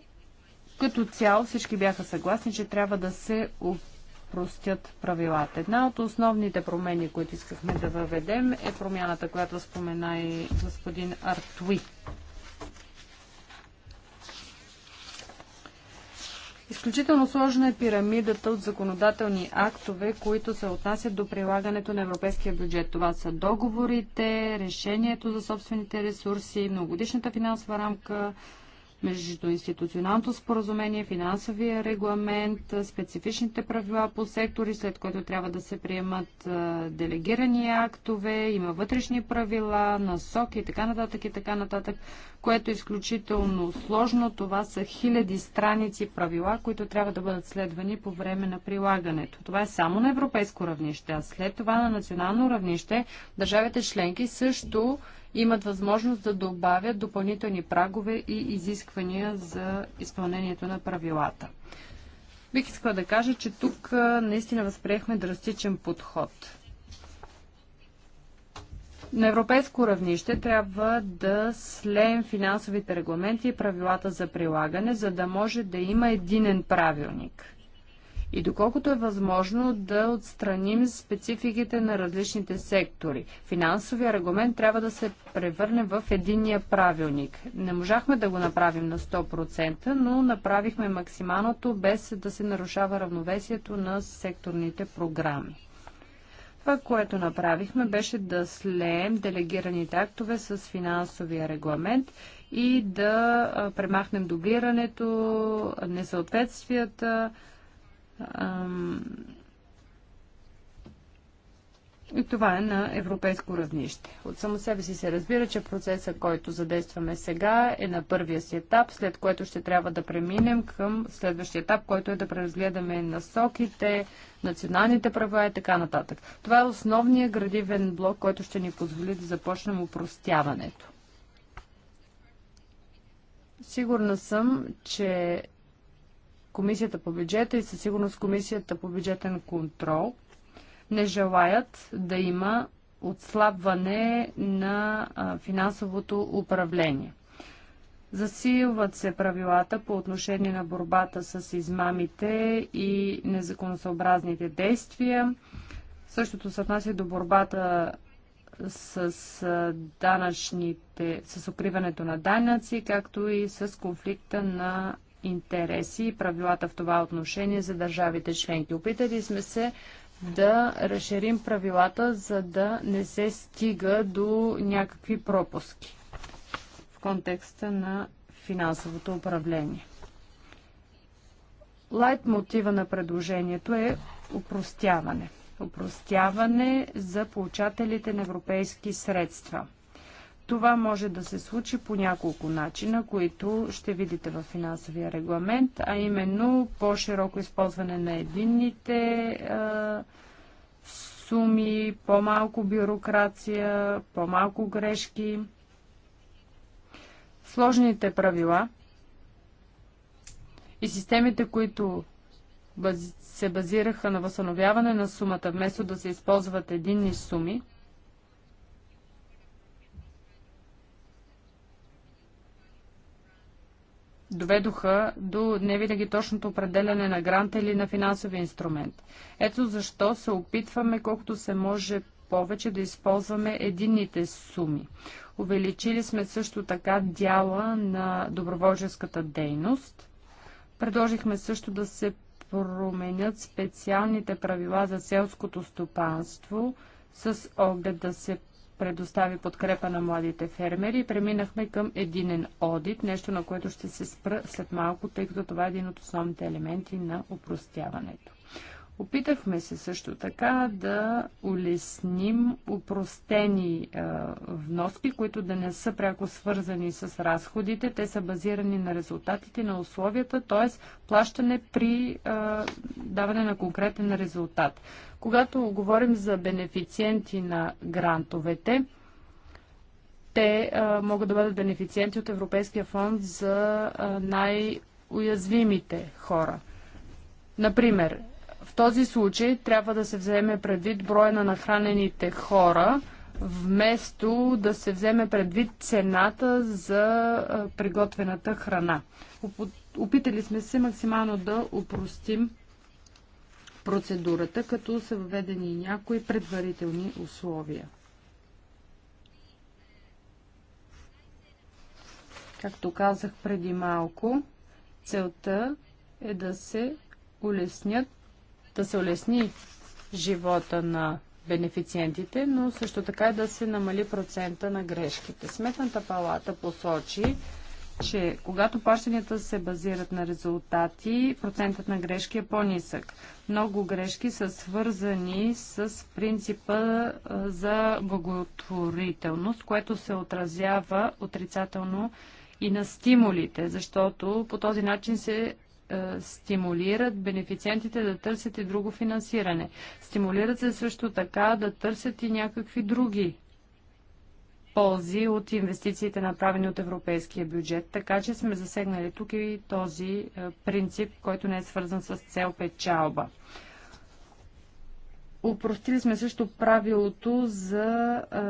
като цяло всички бяха съгласни, че трябва да се простят правилата. Една от основните промени, които искахме да въведем, е промяната, която спомена и господин Артуи. Изключително сложна е пирамидата от законодателни актове, които се отнасят до прилагането на европейския бюджет. Това са договорите, решението за собствените ресурси, многодишната финансова рамка, между институционалното споразумение, финансовия регламент, специфичните правила по сектори, след което трябва да се приемат делегирани актове, има вътрешни правила, насоки и така нататък и така нататък, което е изключително сложно. Това са хиляди страници правила, които трябва да бъдат следвани по време на прилагането. Това е само на европейско равнище, а след това на национално равнище държавите членки също имат възможност да добавят допълнителни прагове и изисквания за изпълнението на правилата. Бих искала да кажа, че тук наистина възприехме драстичен подход. На европейско равнище трябва да слеем финансовите регламенти и правилата за прилагане, за да може да има единен правилник – и доколкото е възможно да отстраним спецификите на различните сектори. Финансовия регламент трябва да се превърне в единия правилник. Не можахме да го направим на 100%, но направихме максималното без да се нарушава равновесието на секторните програми. Това, което направихме, беше да слеем делегираните актове с финансовия регламент и да премахнем дублирането, несъответствията, и това е на европейско равнище. От само себе си се разбира, че процеса, който задействаме сега, е на първия си етап, след което ще трябва да преминем към следващия етап, който е да преразгледаме насоките, националните права и така нататък. Това е основният градивен блок, който ще ни позволи да започнем упростяването. Сигурна съм, че Комисията по бюджета и със сигурност Комисията по бюджетен контрол не желаят да има отслабване на финансовото управление. Засилват се правилата по отношение на борбата с измамите и незаконосъобразните действия. Същото се отнася до борбата с данъчните, с укриването на данъци, както и с конфликта на интереси и правилата в това отношение за държавите членки. Опитали сме се да разширим правилата, за да не се стига до някакви пропуски в контекста на финансовото управление. Лайт мотива на предложението е упростяване. Упростяване за получателите на европейски средства – това може да се случи по няколко начина, които ще видите в финансовия регламент, а именно по-широко използване на единните а, суми, по-малко бюрокрация, по-малко грешки. Сложните правила и системите, които бази, се базираха на възстановяване на сумата, вместо да се използват единни суми – доведоха до невинаги точното определяне на гранта или на финансови инструмент. Ето защо се опитваме колкото се може повече да използваме единните суми. Увеличили сме също така дяла на доброволческата дейност. Предложихме също да се променят специалните правила за селското стопанство с оглед да се предостави подкрепа на младите фермери и преминахме към единен одит, нещо на което ще се спра след малко, тъй като това е един от основните елементи на упростяването. Опитахме се също така да улесним упростени вноски, които да не са пряко свързани с разходите. Те са базирани на резултатите, на условията, т.е. плащане при даване на конкретен резултат. Когато говорим за бенефициенти на грантовете, те а, могат да бъдат бенефициенти от Европейския фонд за най-уязвимите хора. Например, в този случай трябва да се вземе предвид броя на нахранените хора, вместо да се вземе предвид цената за приготвената храна. Опитали сме се максимално да упростим процедурата, като са введени някои предварителни условия. Както казах преди малко, целта е да се улеснят да се улесни живота на бенефициентите, но също така и да се намали процента на грешките. Сметната палата посочи, че когато плащанията се базират на резултати, процентът на грешки е по-нисък. Много грешки са свързани с принципа за благотворителност, което се отразява отрицателно и на стимулите, защото по този начин се е, стимулират бенефициентите да търсят и друго финансиране. Стимулират се също така да търсят и някакви други ползи от инвестициите, направени от европейския бюджет. Така че сме засегнали тук и този е, принцип, който не е свързан с цел печалба. Упростили сме също правилото за е,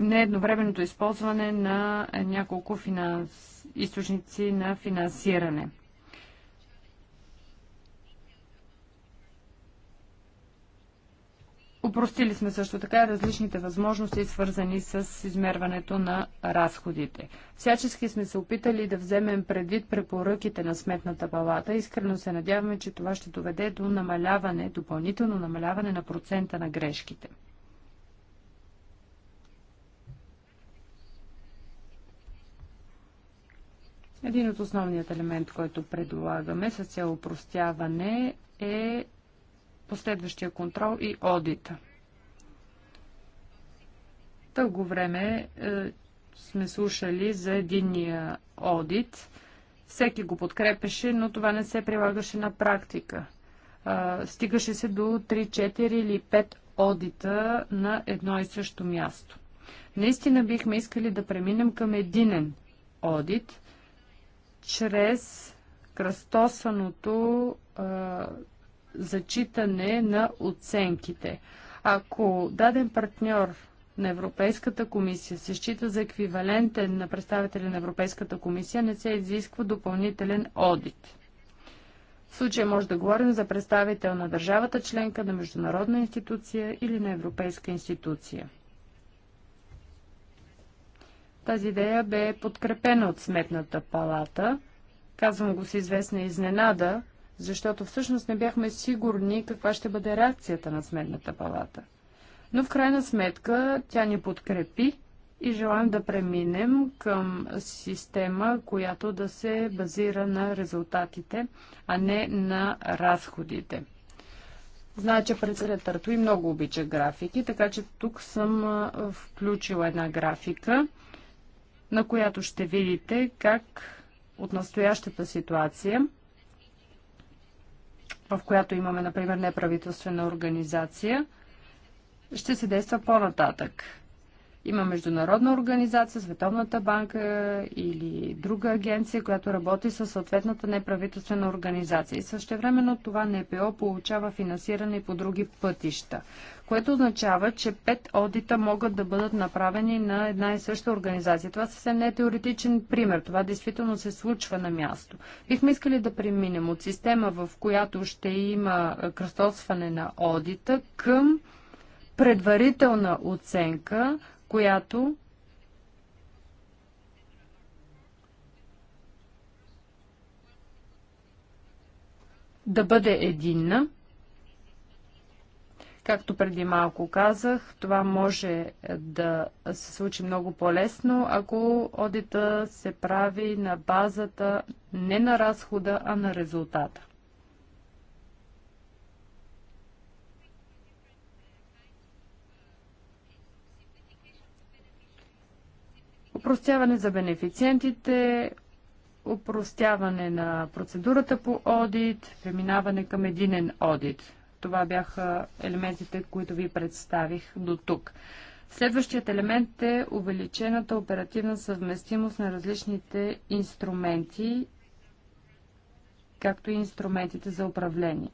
неедновременното използване на няколко финанс... източници на финансиране. Опростили сме също така различните възможности, свързани с измерването на разходите. Всячески сме се опитали да вземем предвид препоръките на Сметната палата. Искрено се надяваме, че това ще доведе до намаляване, допълнително намаляване на процента на грешките. Един от основният елемент, който предлагаме с цяло упростяване е последващия контрол и одита. Дълго време е, сме слушали за единния одит. Всеки го подкрепеше, но това не се прилагаше на практика. Е, стигаше се до 3, 4 или 5 одита на едно и също място. Наистина бихме искали да преминем към единен одит чрез кръстосаното е, зачитане на оценките. Ако даден партньор на Европейската комисия се счита за еквивалентен на представителя на Европейската комисия, не се изисква допълнителен одит. В случая може да говорим за представител на държавата членка, на международна институция или на европейска институция. Тази идея бе подкрепена от Сметната палата. Казвам го с известна изненада, защото всъщност не бяхме сигурни каква ще бъде реакцията на Сметната палата. Но в крайна сметка тя ни подкрепи и желаем да преминем към система, която да се базира на резултатите, а не на разходите. Знае, че председателят и много обича графики, така че тук съм включила една графика, на която ще видите как от настоящата ситуация – в която имаме, например, неправителствена организация, ще се действа по-нататък. Има международна организация, Световната банка или друга агенция, която работи със съответната неправителствена организация. И същевременно това НПО получава финансиране по други пътища, което означава, че пет одита могат да бъдат направени на една и съща организация. Това съвсем не е теоретичен пример. Това действително се случва на място. Бихме искали да преминем от система, в която ще има кръстосване на одита към предварителна оценка, която да бъде единна. Както преди малко казах, това може да се случи много по-лесно, ако одита се прави на базата не на разхода, а на резултата. Опростяване за бенефициентите, упростяване на процедурата по одит, преминаване към единен одит. Това бяха елементите, които ви представих до тук. Следващият елемент е увеличената оперативна съвместимост на различните инструменти, както и инструментите за управление.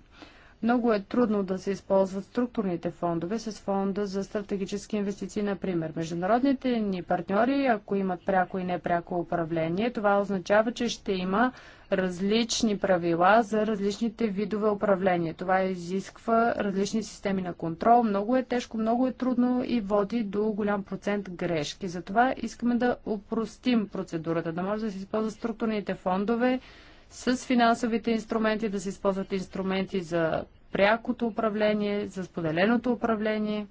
Много е трудно да се използват структурните фондове с фонда за стратегически инвестиции, например. Международните ни партньори, ако имат пряко и непряко управление, това означава, че ще има различни правила за различните видове управление. Това изисква различни системи на контрол. Много е тежко, много е трудно и води до голям процент грешки. Затова искаме да упростим процедурата, да може да се използват структурните фондове с финансовите инструменти, да се използват инструменти за прякото управление, за споделеното управление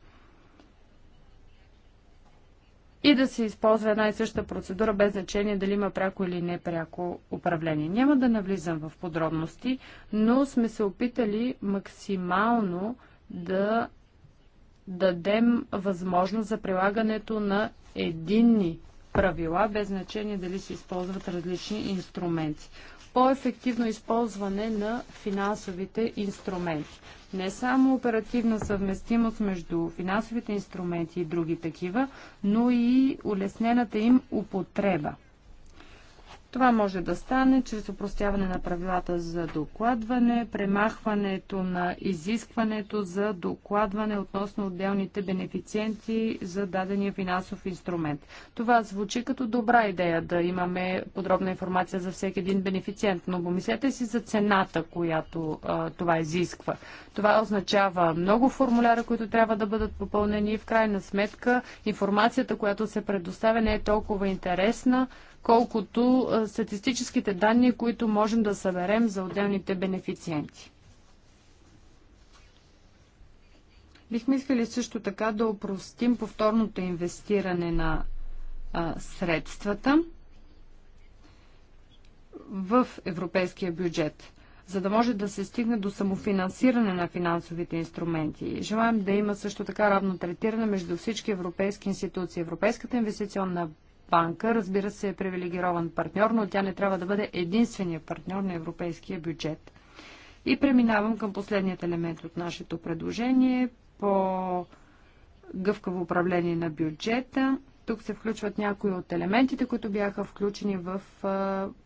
и да се използва една и съща процедура, без значение дали има пряко или не пряко управление. Няма да навлизам в подробности, но сме се опитали максимално да дадем възможност за прилагането на единни правила, без значение дали се използват различни инструменти по-ефективно използване на финансовите инструменти. Не само оперативна съвместимост между финансовите инструменти и други такива, но и улеснената им употреба. Това може да стане чрез упростяване на правилата за докладване, премахването на изискването за докладване относно отделните бенефициенти за дадения финансов инструмент. Това звучи като добра идея да имаме подробна информация за всеки един бенефициент, но помислете си за цената, която а, това изисква. Това означава много формуляра, които трябва да бъдат попълнени и в крайна сметка информацията, която се предоставя не е толкова интересна, колкото статистическите данни, които можем да съберем за отделните бенефициенти. Бихме искали също така да опростим повторното инвестиране на средствата в европейския бюджет, за да може да се стигне до самофинансиране на финансовите инструменти. Желаем да има също така равно третиране между всички европейски институции. Европейската инвестиционна банка, разбира се, е привилегирован партньор, но тя не трябва да бъде единствения партньор на европейския бюджет. И преминавам към последният елемент от нашето предложение по гъвкаво управление на бюджета. Тук се включват някои от елементите, които бяха включени в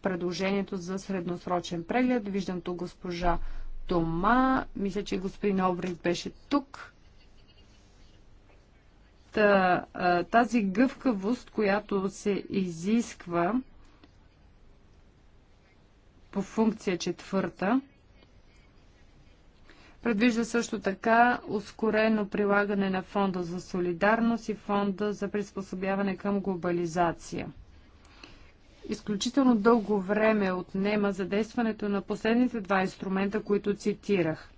предложението за средносрочен преглед. Виждам тук госпожа Тома. Мисля, че господин Обрик беше тук а, тази гъвкавост, която се изисква по функция четвърта, Предвижда също така ускорено прилагане на фонда за солидарност и фонда за приспособяване към глобализация. Изключително дълго време отнема задействането на последните два инструмента, които цитирах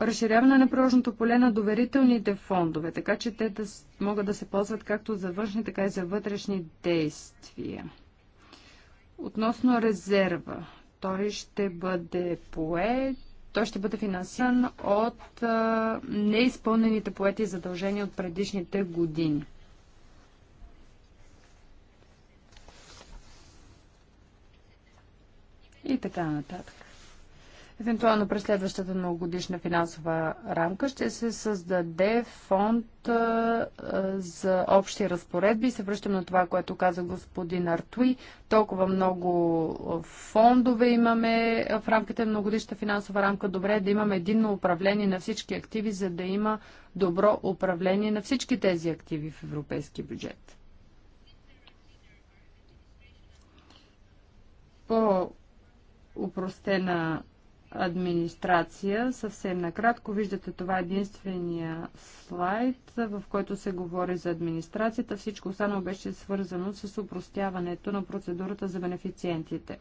разширяване на приложното поле на доверителните фондове, така че те да могат да се ползват както за външни, така и за вътрешни действия. Относно резерва, той ще бъде поет той ще бъде финансиран от а, неизпълнените поети задължения от предишните години. И така нататък. Евентуално през следващата многогодишна финансова рамка ще се създаде фонд а, за общи разпоредби. Се връщам на това, което каза господин Артуи. Толкова много фондове имаме в рамките на многогодишната финансова рамка. Добре е да имаме единно управление на всички активи, за да има добро управление на всички тези активи в европейски бюджет. По упростена администрация. Съвсем накратко виждате това е единствения слайд, в който се говори за администрацията. Всичко останало беше свързано с упростяването на процедурата за бенефициентите.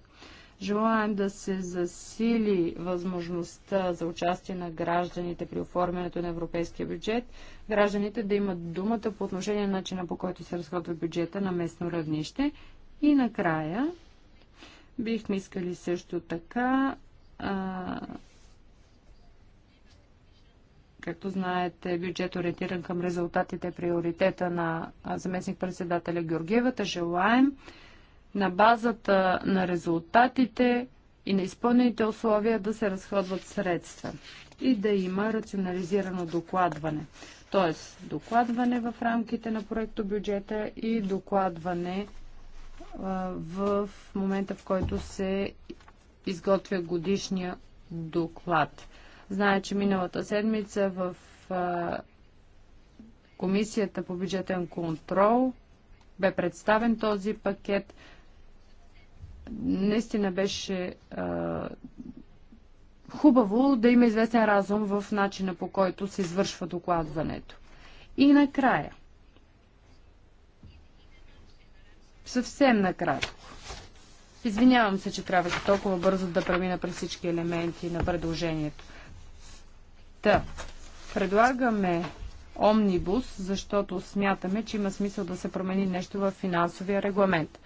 Желаем да се засили възможността за участие на гражданите при оформянето на европейския бюджет, гражданите да имат думата по отношение на начина по който се разходва бюджета на местно равнище. И накрая бихме искали също така а, както знаете, бюджет ориентиран към резултатите, приоритета на заместник-председателя Георгиевата. Желаем на базата на резултатите и на изпълнените условия да се разходват средства и да има рационализирано докладване. Тоест, докладване в рамките на проекто бюджета и докладване в момента, в който се изготвя годишния доклад. Зная, че миналата седмица в Комисията по бюджетен контрол бе представен този пакет. Наистина беше а, хубаво да има известен разум в начина по който се извършва докладването. И накрая, съвсем накратко, Извинявам се, че трябваше толкова бързо да премина през всички елементи на предложението. Та, предлагаме омнибус, защото смятаме, че има смисъл да се промени нещо в финансовия регламент.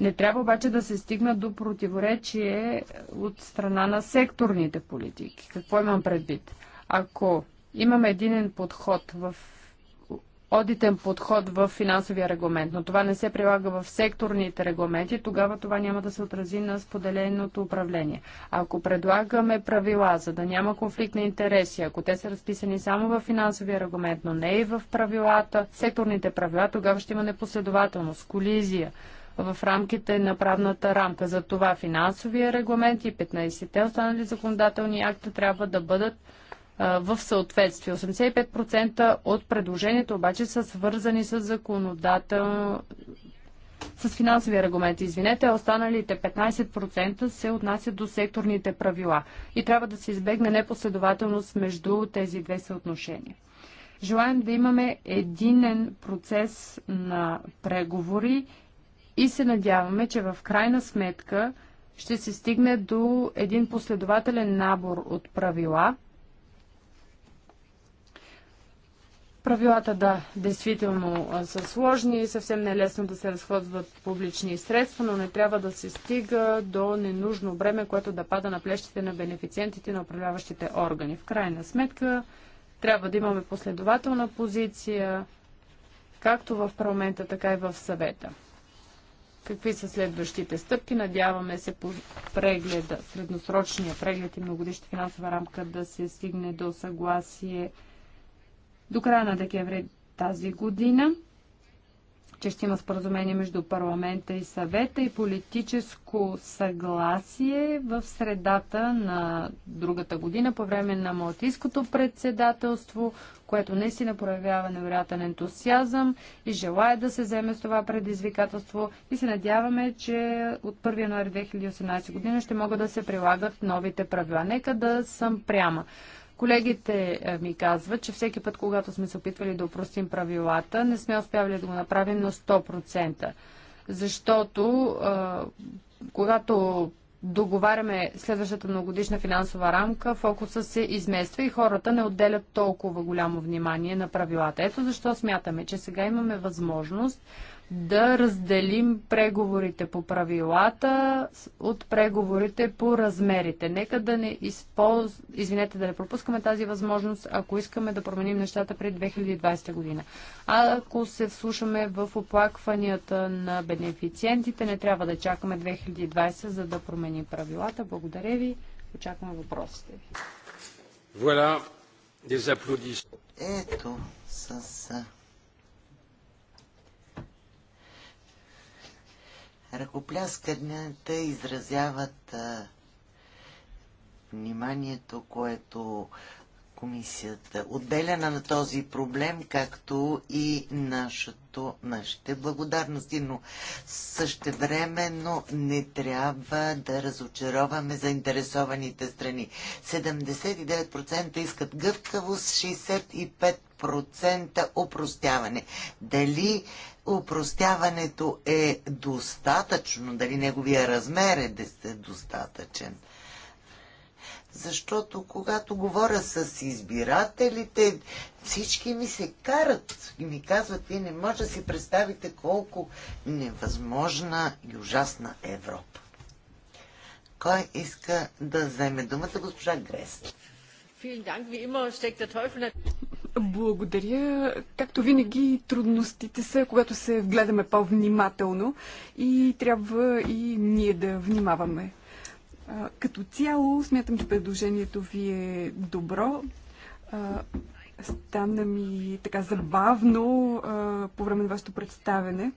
Не трябва обаче да се стигна до противоречие от страна на секторните политики. Какво имам предвид? Ако имаме единен подход в одитен подход в финансовия регламент, но това не се прилага в секторните регламенти, тогава това няма да се отрази на споделеното управление. Ако предлагаме правила, за да няма конфликт на интереси, ако те са разписани само в финансовия регламент, но не и в правилата, секторните правила, тогава ще има непоследователност, колизия в рамките на правната рамка. За това финансовия регламент и 15-те останали законодателни акта трябва да бъдат в съответствие. 85% от предложенията обаче са свързани с законодател... с финансови регламенти. Извинете, останалите 15% се отнасят до секторните правила и трябва да се избегне непоследователност между тези две съотношения. Желаем да имаме единен процес на преговори и се надяваме, че в крайна сметка ще се стигне до един последователен набор от правила, Правилата, да, действително са сложни и съвсем не е лесно да се разходват публични средства, но не трябва да се стига до ненужно време, което да пада на плещите на бенефициентите на управляващите органи. В крайна сметка, трябва да имаме последователна позиция, както в парламента, така и в съвета. Какви са следващите стъпки? Надяваме се по прегледа, средносрочния преглед и многодишна финансова рамка да се стигне до съгласие до края на декември тази година, че ще има споразумение между парламента и съвета и политическо съгласие в средата на другата година по време на Малтийското председателство, което наистина проявява невероятен ентусиазъм и желая да се вземе с това предизвикателство и се надяваме, че от 1 януари 2018 година ще могат да се прилагат новите правила. Нека да съм пряма. Колегите е, ми казват, че всеки път, когато сме се опитвали да упростим правилата, не сме успявали да го направим на 100%. Защото е, когато договаряме следващата многогодишна финансова рамка, фокуса се измества и хората не отделят толкова голямо внимание на правилата. Ето защо смятаме, че сега имаме възможност да разделим преговорите по правилата от преговорите по размерите. Нека да не използ... извинете, да не пропускаме тази възможност, ако искаме да променим нещата пред 2020 година. А ако се вслушаме в оплакванията на бенефициентите, не трябва да чакаме 2020, за да променим правилата. Благодаря ви. Очакваме въпросите ви. Voilà des applaudissements. Ето с ръкоплясканията изразяват а, вниманието, което комисията отделяна на този проблем, както и нашата нито нашите благодарности, но същевременно не трябва да разочароваме заинтересованите страни. 79% искат гъвкавост, 65% упростяване. Дали упростяването е достатъчно, дали неговия размер е достатъчен? Защото когато говоря с избирателите, всички ми се карат и ми казват, вие не може да си представите колко невъзможна и ужасна Европа. Кой иска да вземе думата? Госпожа Грест. Благодаря. Както винаги, трудностите са, когато се гледаме по-внимателно и трябва и ние да внимаваме. Като цяло смятам, че предложението ви е добро. Стана ми така забавно по време на вашето представене.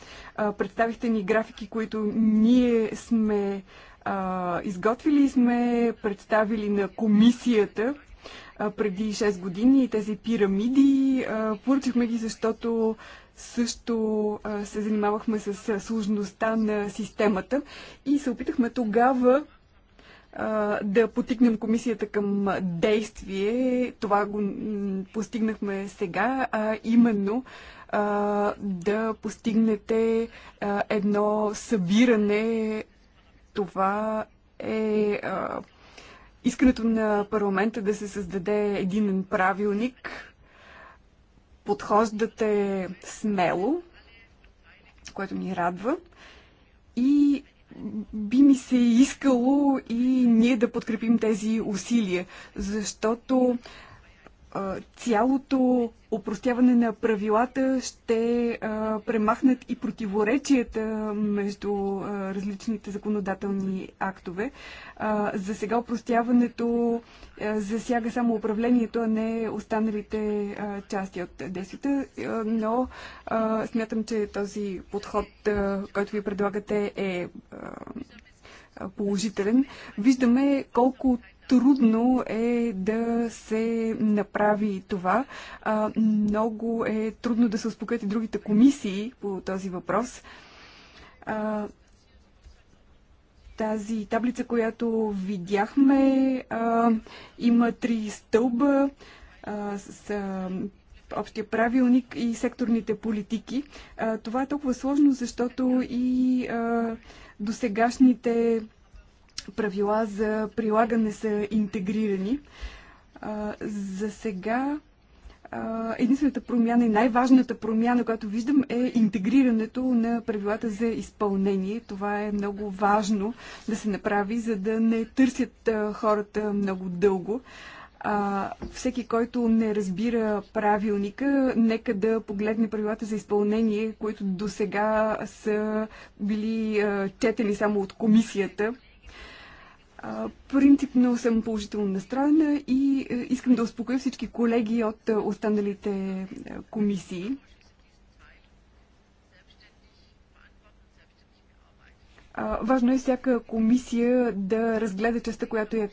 представихте ни графики, които ние сме изготвили и сме представили на комисията преди 6 години тези пирамиди. поръчахме ги, защото също се занимавахме с сложността на системата и се опитахме тогава да потикнем комисията към действие. Това го постигнахме сега, а именно да постигнете едно събиране. Това е искането на парламента да се създаде един правилник. Подхождате смело, което ни радва. И би ми се искало и ние да подкрепим тези усилия, защото цялото опростяване на правилата ще премахнат и противоречията между различните законодателни актове. За сега опростяването засяга само управлението, а не останалите части от действията, но смятам, че този подход, който ви предлагате е положителен. Виждаме колко трудно е да се направи това. А, много е трудно да се успокоят и другите комисии по този въпрос. А, тази таблица, която видяхме, а, има три стълба а, с а, общия правилник и секторните политики. А, това е толкова сложно, защото и а, досегашните правила за прилагане са интегрирани. За сега единствената промяна и най-важната промяна, която виждам, е интегрирането на правилата за изпълнение. Това е много важно да се направи, за да не търсят хората много дълго. А, всеки, който не разбира правилника, нека да погледне правилата за изпълнение, които до сега са били а, четени само от комисията Принципно съм положително настроена и е, искам да успокоя всички колеги от е, останалите е, комисии. Важно е всяка комисия да разгледа частта, която я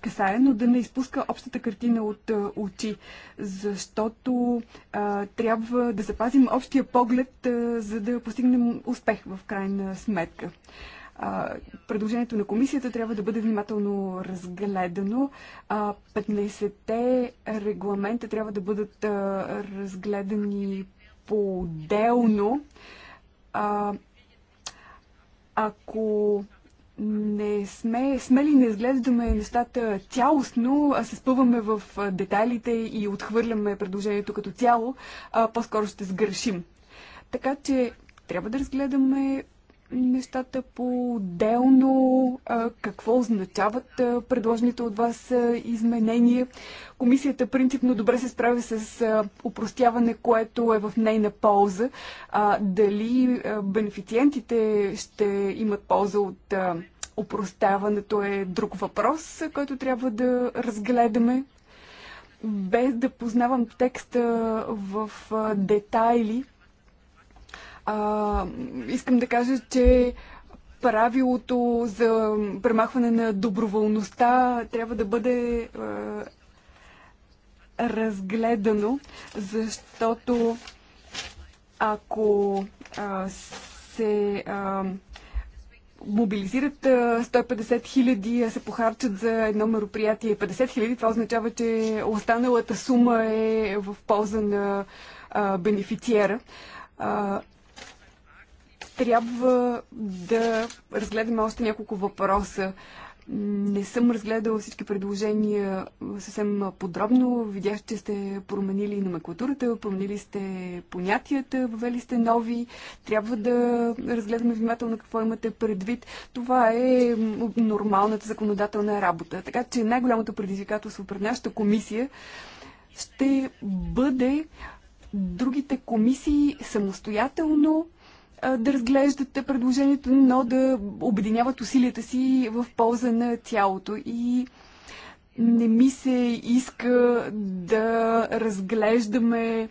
касае, но да не изпуска общата картина от очи, защото а, трябва да запазим общия поглед, а, за да постигнем успех в крайна сметка. А, предложението на комисията трябва да бъде внимателно разгледано. А, 15-те регламента трябва да бъдат а, разгледани по-отделно. ако не сме смели не изглеждаме нещата цялостно, а се спъваме в детайлите и отхвърляме предложението като цяло, по-скоро ще сгрешим. Така че трябва да разгледаме нещата по-отделно, какво означават предложените от вас изменения. Комисията принципно добре се справи с упростяване, което е в нейна полза. Дали бенефициентите ще имат полза от упростяването е друг въпрос, който трябва да разгледаме. Без да познавам текста в детайли, а, искам да кажа, че правилото за премахване на доброволността трябва да бъде а, разгледано, защото ако а, се а, мобилизират 150 хиляди, а се похарчат за едно мероприятие 50 хиляди, това означава, че останалата сума е в полза на а, бенефициера. А, трябва да разгледаме още няколко въпроса. Не съм разгледала всички предложения съвсем подробно. Видях, че сте променили номенклатурата, променили сте понятията, въвели сте нови. Трябва да разгледаме внимателно какво имате предвид. Това е нормалната законодателна работа. Така че най-голямото предизвикателство пред нашата комисия ще бъде другите комисии самостоятелно да разглеждат предложението, но да обединяват усилията си в полза на цялото. И не ми се иска да разглеждаме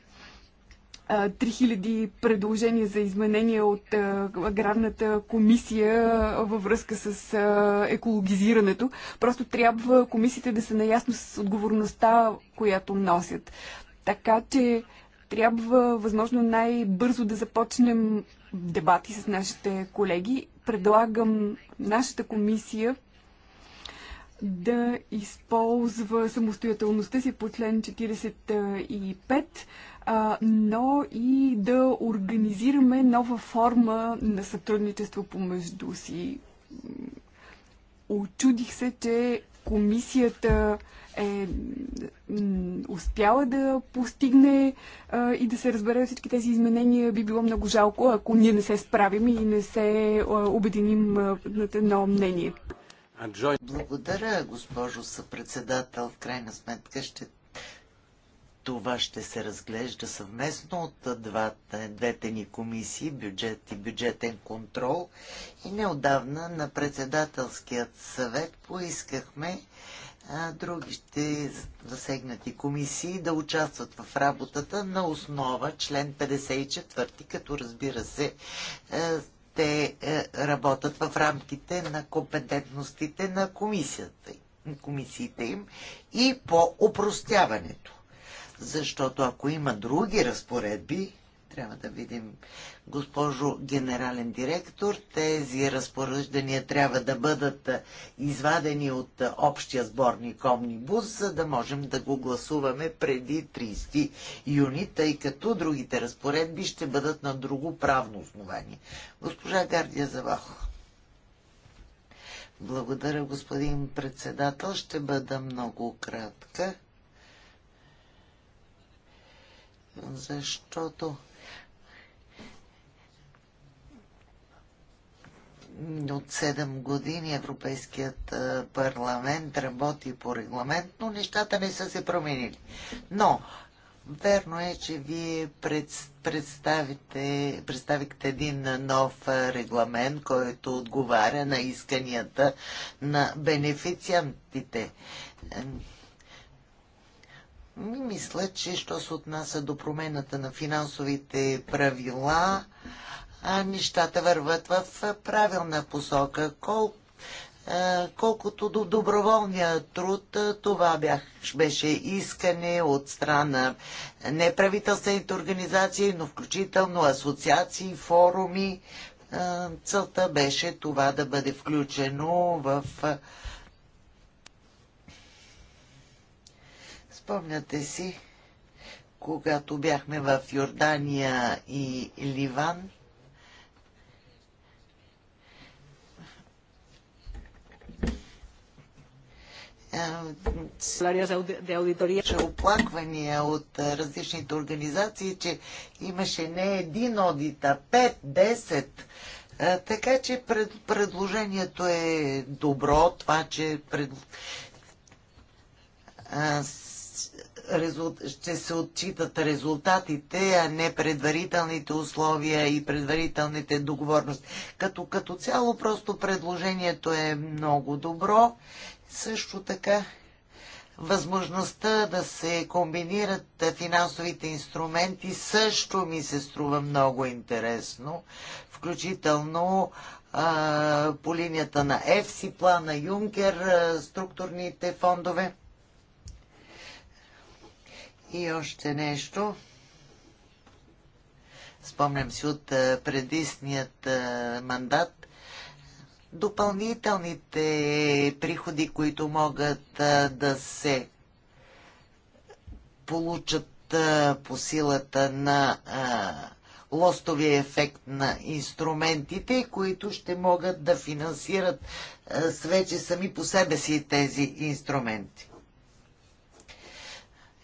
3000 предложения за изменения от аграрната комисия във връзка с екологизирането. Просто трябва комисиите да са наясно с отговорността, която носят. Така че трябва възможно най-бързо да започнем дебати с нашите колеги. Предлагам нашата комисия да използва самостоятелността си по член 45, но и да организираме нова форма на сътрудничество помежду си. Очудих се, че комисията е успяла да постигне и да се разбере всички тези изменения, би било много жалко, ако ние не се справим и не се обединим на едно мнение. Благодаря, госпожо съпредседател. В крайна сметка ще това ще се разглежда съвместно от двата, двете ни комисии, бюджет и бюджетен контрол. И неодавна на председателският съвет поискахме други ще засегнати комисии да участват в работата на основа член 54, като разбира се е, те е, работят в рамките на компетентностите на комисията, комисиите им и по упростяването. Защото ако има други разпоредби, трябва да видим, госпожо генерален директор, тези разпоръждания трябва да бъдат извадени от общия сборник Омнибус, за да можем да го гласуваме преди 30 юни, тъй като другите разпоредби ще бъдат на друго правно основание. Госпожа Гардия Завахо. Благодаря, господин председател. Ще бъда много кратка защото от 7 години Европейският е, парламент работи по регламент, но нещата не са се променили. Но, верно е, че вие представите, представихте един нов е, регламент, който отговаря на исканията на бенефициантите. Ами, мисля, че що се отнася до промената на финансовите правила, а нещата върват в правилна посока. Кол, а, колкото до доброволния труд, това бях, беше искане от страна неправителствените организации, но включително асоциации, форуми. А, целта беше това да бъде включено в Спомняте си, когато бяхме в Йордания и Ливан, Имаше оплаквания от различните организации, че имаше не един одит, а 5-10. Така че пред, предложението е добро, това, че пред, а, с, ще се отчитат резултатите, а не предварителните условия и предварителните договорности. Като, като цяло просто предложението е много добро също така възможността да се комбинират финансовите инструменти също ми се струва много интересно, включително а, по линията на ЕФСИ, плана Юнкер, а, структурните фондове. И още нещо. Спомням си от предисният мандат допълнителните приходи, които могат да се получат по силата на лостовия ефект на инструментите, които ще могат да финансират вече сами по себе си тези инструменти.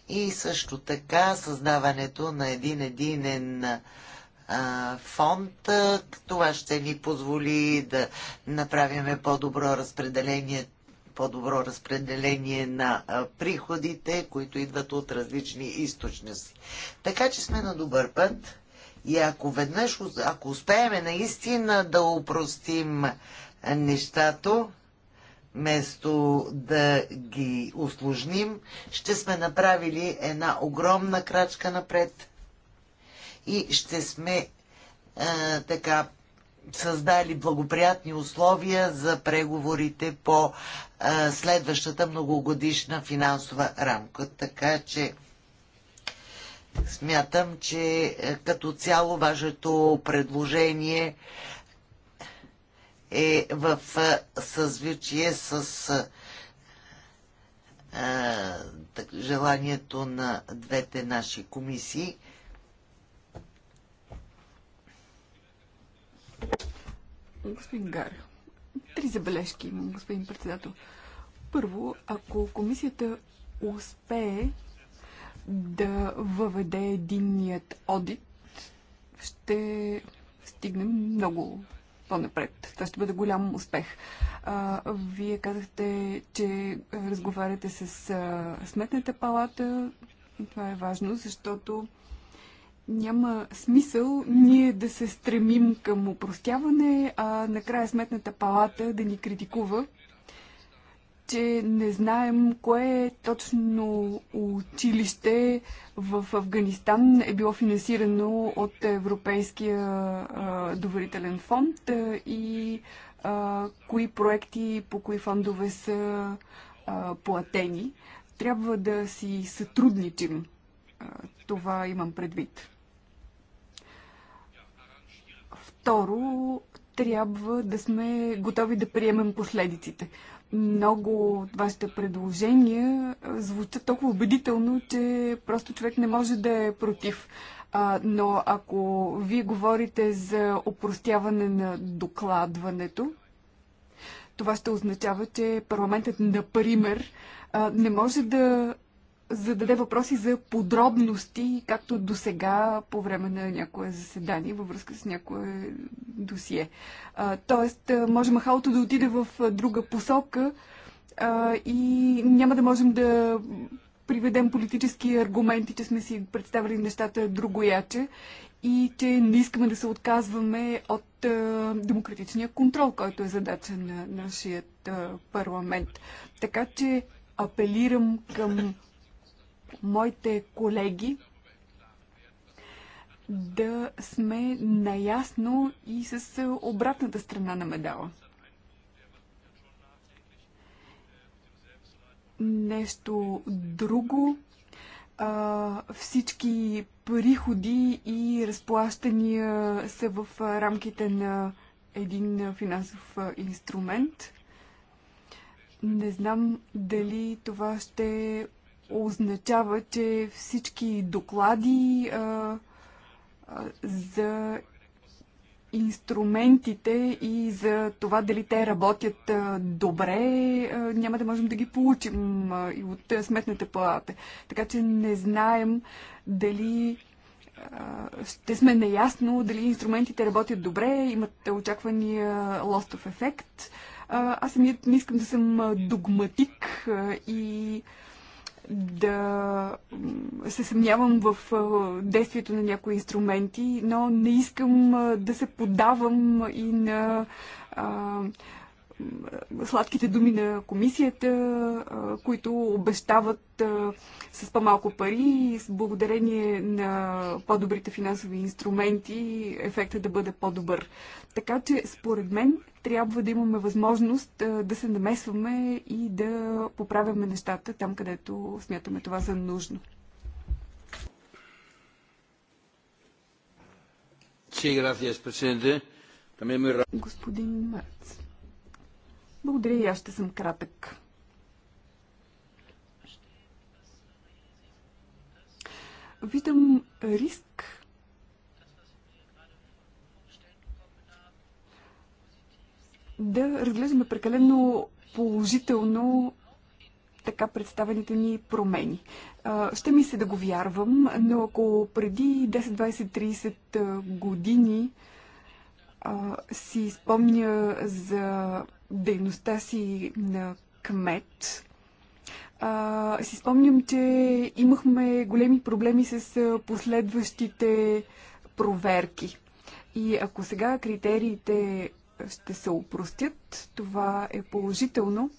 И също така създаването на един единен фонд. Това ще ни позволи да направим по-добро разпределение по-добро разпределение на приходите, които идват от различни източници. Така че сме на добър път и ако веднъж, ако успеем наистина да упростим нещата, вместо да ги усложним, ще сме направили една огромна крачка напред и ще сме а, така създали благоприятни условия за преговорите по а, следващата многогодишна финансова рамка. Така че смятам, че е, като цяло вашето предложение е в съзвичие с а, желанието на двете наши комисии. Господин Гар, три забележки имам, господин председател. Първо, ако комисията успее да въведе единният одит, ще стигнем много по-напред. Това ще бъде голям успех. А, вие казахте, че разговаряте с а, Сметната палата. Това е важно, защото няма смисъл ние да се стремим към упростяване, а накрая сметната палата да ни критикува, че не знаем кое е точно училище в Афганистан е било финансирано от Европейския а, доверителен фонд а, и а, кои проекти по кои фондове са а, платени. Трябва да си сътрудничим. това имам предвид. Второ, трябва да сме готови да приемем последиците. Много от вашите предложения звучат толкова убедително, че просто човек не може да е против. А, но ако вие говорите за опростяване на докладването, това ще означава, че парламентът, например, не може да зададе въпроси за подробности, както до сега по време на някое заседание във връзка с някое досие. А, тоест, може махалото да отиде в друга посока а, и няма да можем да приведем политически аргументи, че сме си представили нещата другояче и че не искаме да се отказваме от а, демократичния контрол, който е задача на нашия парламент. Така че апелирам към моите колеги да сме наясно и с обратната страна на медала. Нещо друго. А, всички приходи и разплащания са в рамките на един финансов инструмент. Не знам дали това ще означава, че всички доклади а, а, за инструментите и за това дали те работят добре, няма да можем да ги получим и от сметната палата. Така че не знаем дали ще сме неясно дали инструментите работят добре, имат очаквания лостов ефект. Аз самият не искам да съм догматик и да се съмнявам в действието на някои инструменти, но не искам да се подавам и на сладките думи на комисията, които обещават с по-малко пари и с благодарение на по-добрите финансови инструменти ефектът да бъде по-добър. Така че, според мен, трябва да имаме възможност да се намесваме и да поправяме нещата там, където смятаме това за нужно. Господин Марц. Благодаря и аз ще съм кратък. Виждам риск да разглеждаме прекалено положително така представените ни промени. Ще ми се да го вярвам, но ако преди 10, 20, 30 години си спомня за дейността си на кмет, а, си спомням, че имахме големи проблеми с последващите проверки. И ако сега критериите ще се упростят, това е положително,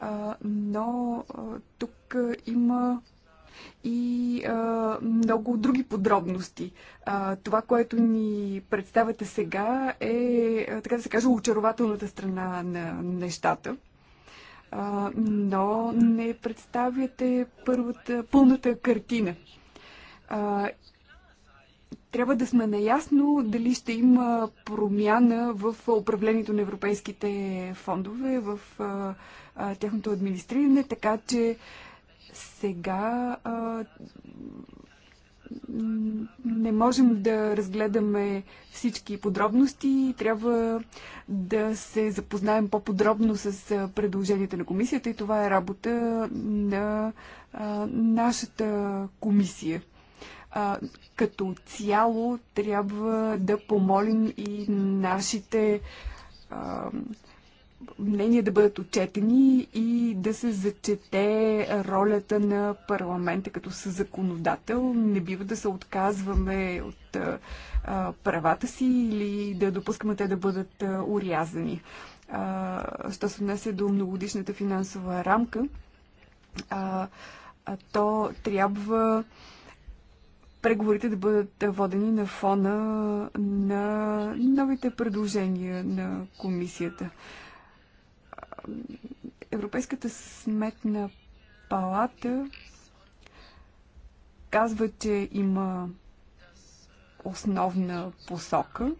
а, но а, тук има и а, много други подробности. А, това, което ни представяте сега е, така да се каже, очарователната страна на нещата. А, но не представяте първата, пълната картина. А, трябва да сме наясно дали ще има промяна в управлението на европейските фондове, в а, а, тяхното администриране, така че сега а, не можем да разгледаме всички подробности. Трябва да се запознаем по-подробно с предложенията на комисията и това е работа на а, нашата комисия. А, като цяло трябва да помолим и нашите а, мнения да бъдат отчетени и да се зачете ролята на парламента като съзаконодател. Не бива да се отказваме от а, правата си или да допускаме те да бъдат а, урязани. А, що се отнесе до многодишната финансова рамка, а, а то трябва преговорите да бъдат водени на фона на новите предложения на комисията. Европейската сметна палата казва, че има основна посока,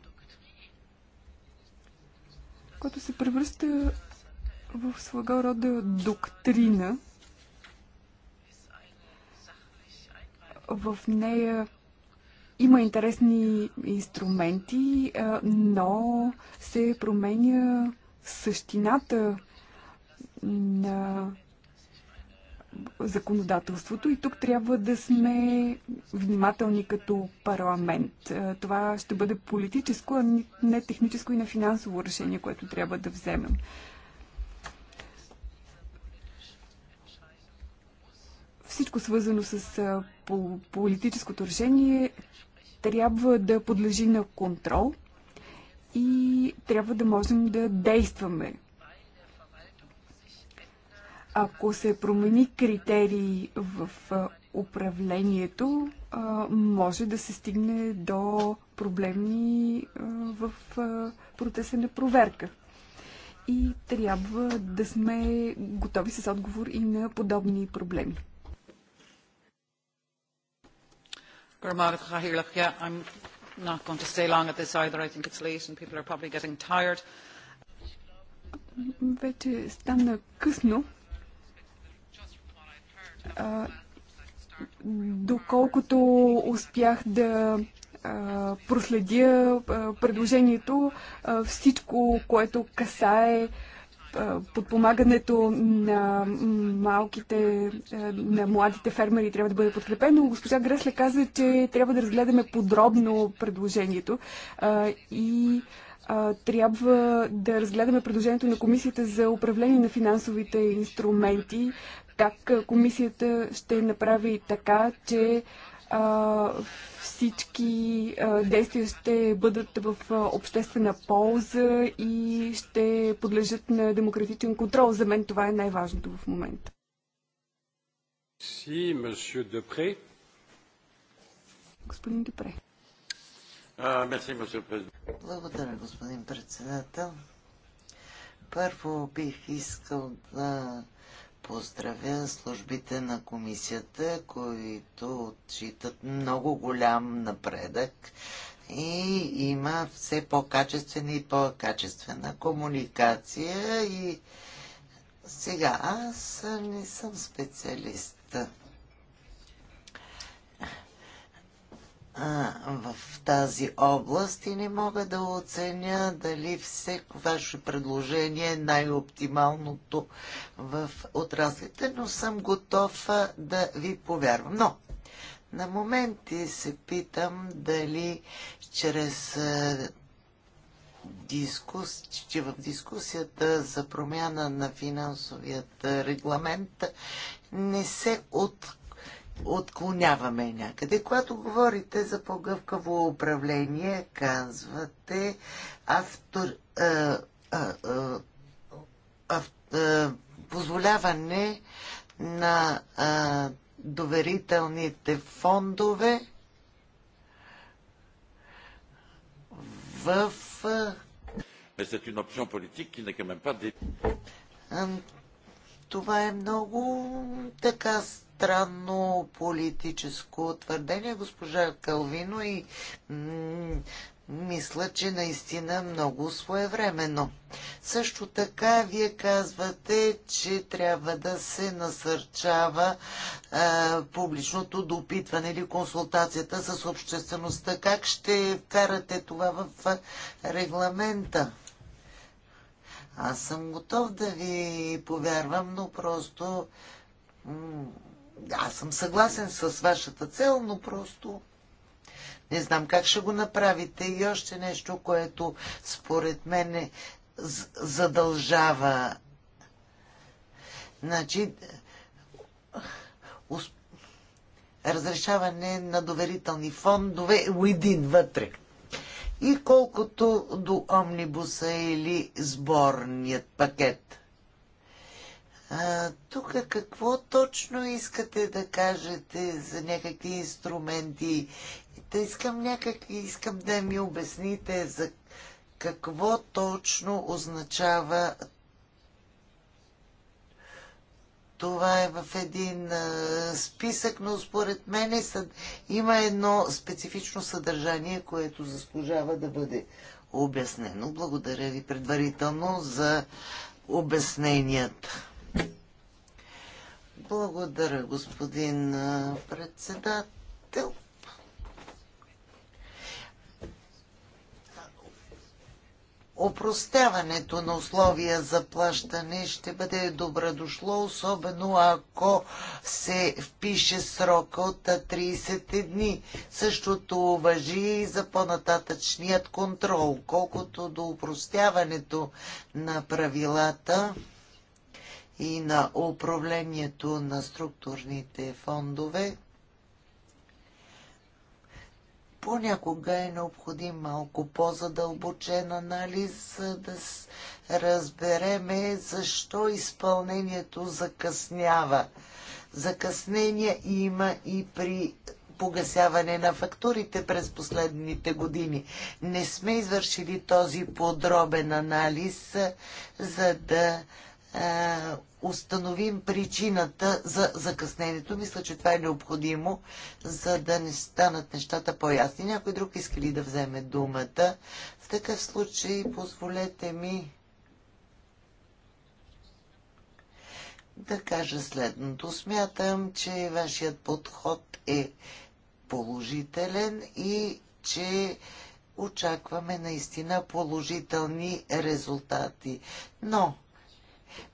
която се превръща в своего рода доктрина. В нея има интересни инструменти, но се променя същината на законодателството и тук трябва да сме внимателни като парламент. Е, това ще бъде политическо, а не техническо и на финансово решение, което трябва да вземем. Всичко свързано с е, политическото решение трябва да подлежи на контрол и трябва да можем да действаме ако се промени критерии в управлението, може да се стигне до проблеми в процеса на проверка. И трябва да сме готови с отговор и на подобни проблеми. Вече стана късно. А, доколкото успях да а, проследя а, предложението, а, всичко, което касае подпомагането на малките, на младите фермери трябва да бъде подкрепено. Госпожа Гресле каза, че трябва да разгледаме подробно предложението и трябва да разгледаме предложението на Комисията за управление на финансовите инструменти, как комисията ще направи така, че а, всички а, действия ще бъдат в а, обществена полза и ще подлежат на демократичен контрол. За мен това е най-важното в момента. Си, месье Депре. Господин Депре. Благодаря, господин председател. Първо бих искал да поздравя службите на комисията, които отчитат много голям напредък и има все по-качествена и по-качествена комуникация и сега аз не съм специалист в тази област и не мога да оценя дали всеко ваше предложение е най-оптималното в отраслите, но съм готов да ви повярвам. Но на моменти се питам дали чрез дискус, че в дискусията за промяна на финансовият регламент не се от отклоняваме някъде. Когато говорите за по-гъвкаво управление, казвате автор, а, а, а, а, а, позволяване на а, доверителните фондове в. Това е много така странно политическо твърдение, госпожа Калвино, и мисля, че наистина много своевременно. Също така, вие казвате, че трябва да се насърчава а, е, публичното допитване или консултацията с обществеността. Как ще вкарате това в е, регламента? Аз съм готов да ви повярвам, но просто аз съм съгласен с вашата цел, но просто не знам как ще го направите. И още нещо, което според мен е задължава. Значи, разрешаване на доверителни фондове един вътре. И колкото до омнибуса или сборният пакет тук какво точно искате да кажете за някакви инструменти? Да искам, някакви, искам да ми обясните за какво точно означава това е в един а, списък, но според мен съ... има едно специфично съдържание, което заслужава да бъде обяснено. Благодаря ви предварително за обясненията. Благодаря, господин председател. Опростяването на условия за плащане ще бъде добре дошло, особено ако се впише срока от 30 дни. Същото въжи и за по-нататъчният контрол. Колкото до опростяването на правилата, и на управлението на структурните фондове, понякога е необходим малко по-задълбочен анализ, да разбереме защо изпълнението закъснява. Закъснение има и при погасяване на фактурите през последните години. Не сме извършили този подробен анализ, за да е, установим причината за закъснението. Мисля, че това е необходимо, за да не станат нещата по-ясни. Някой друг иска ли да вземе думата? В такъв случай позволете ми да кажа следното. Смятам, че вашият подход е положителен и че очакваме наистина положителни резултати. Но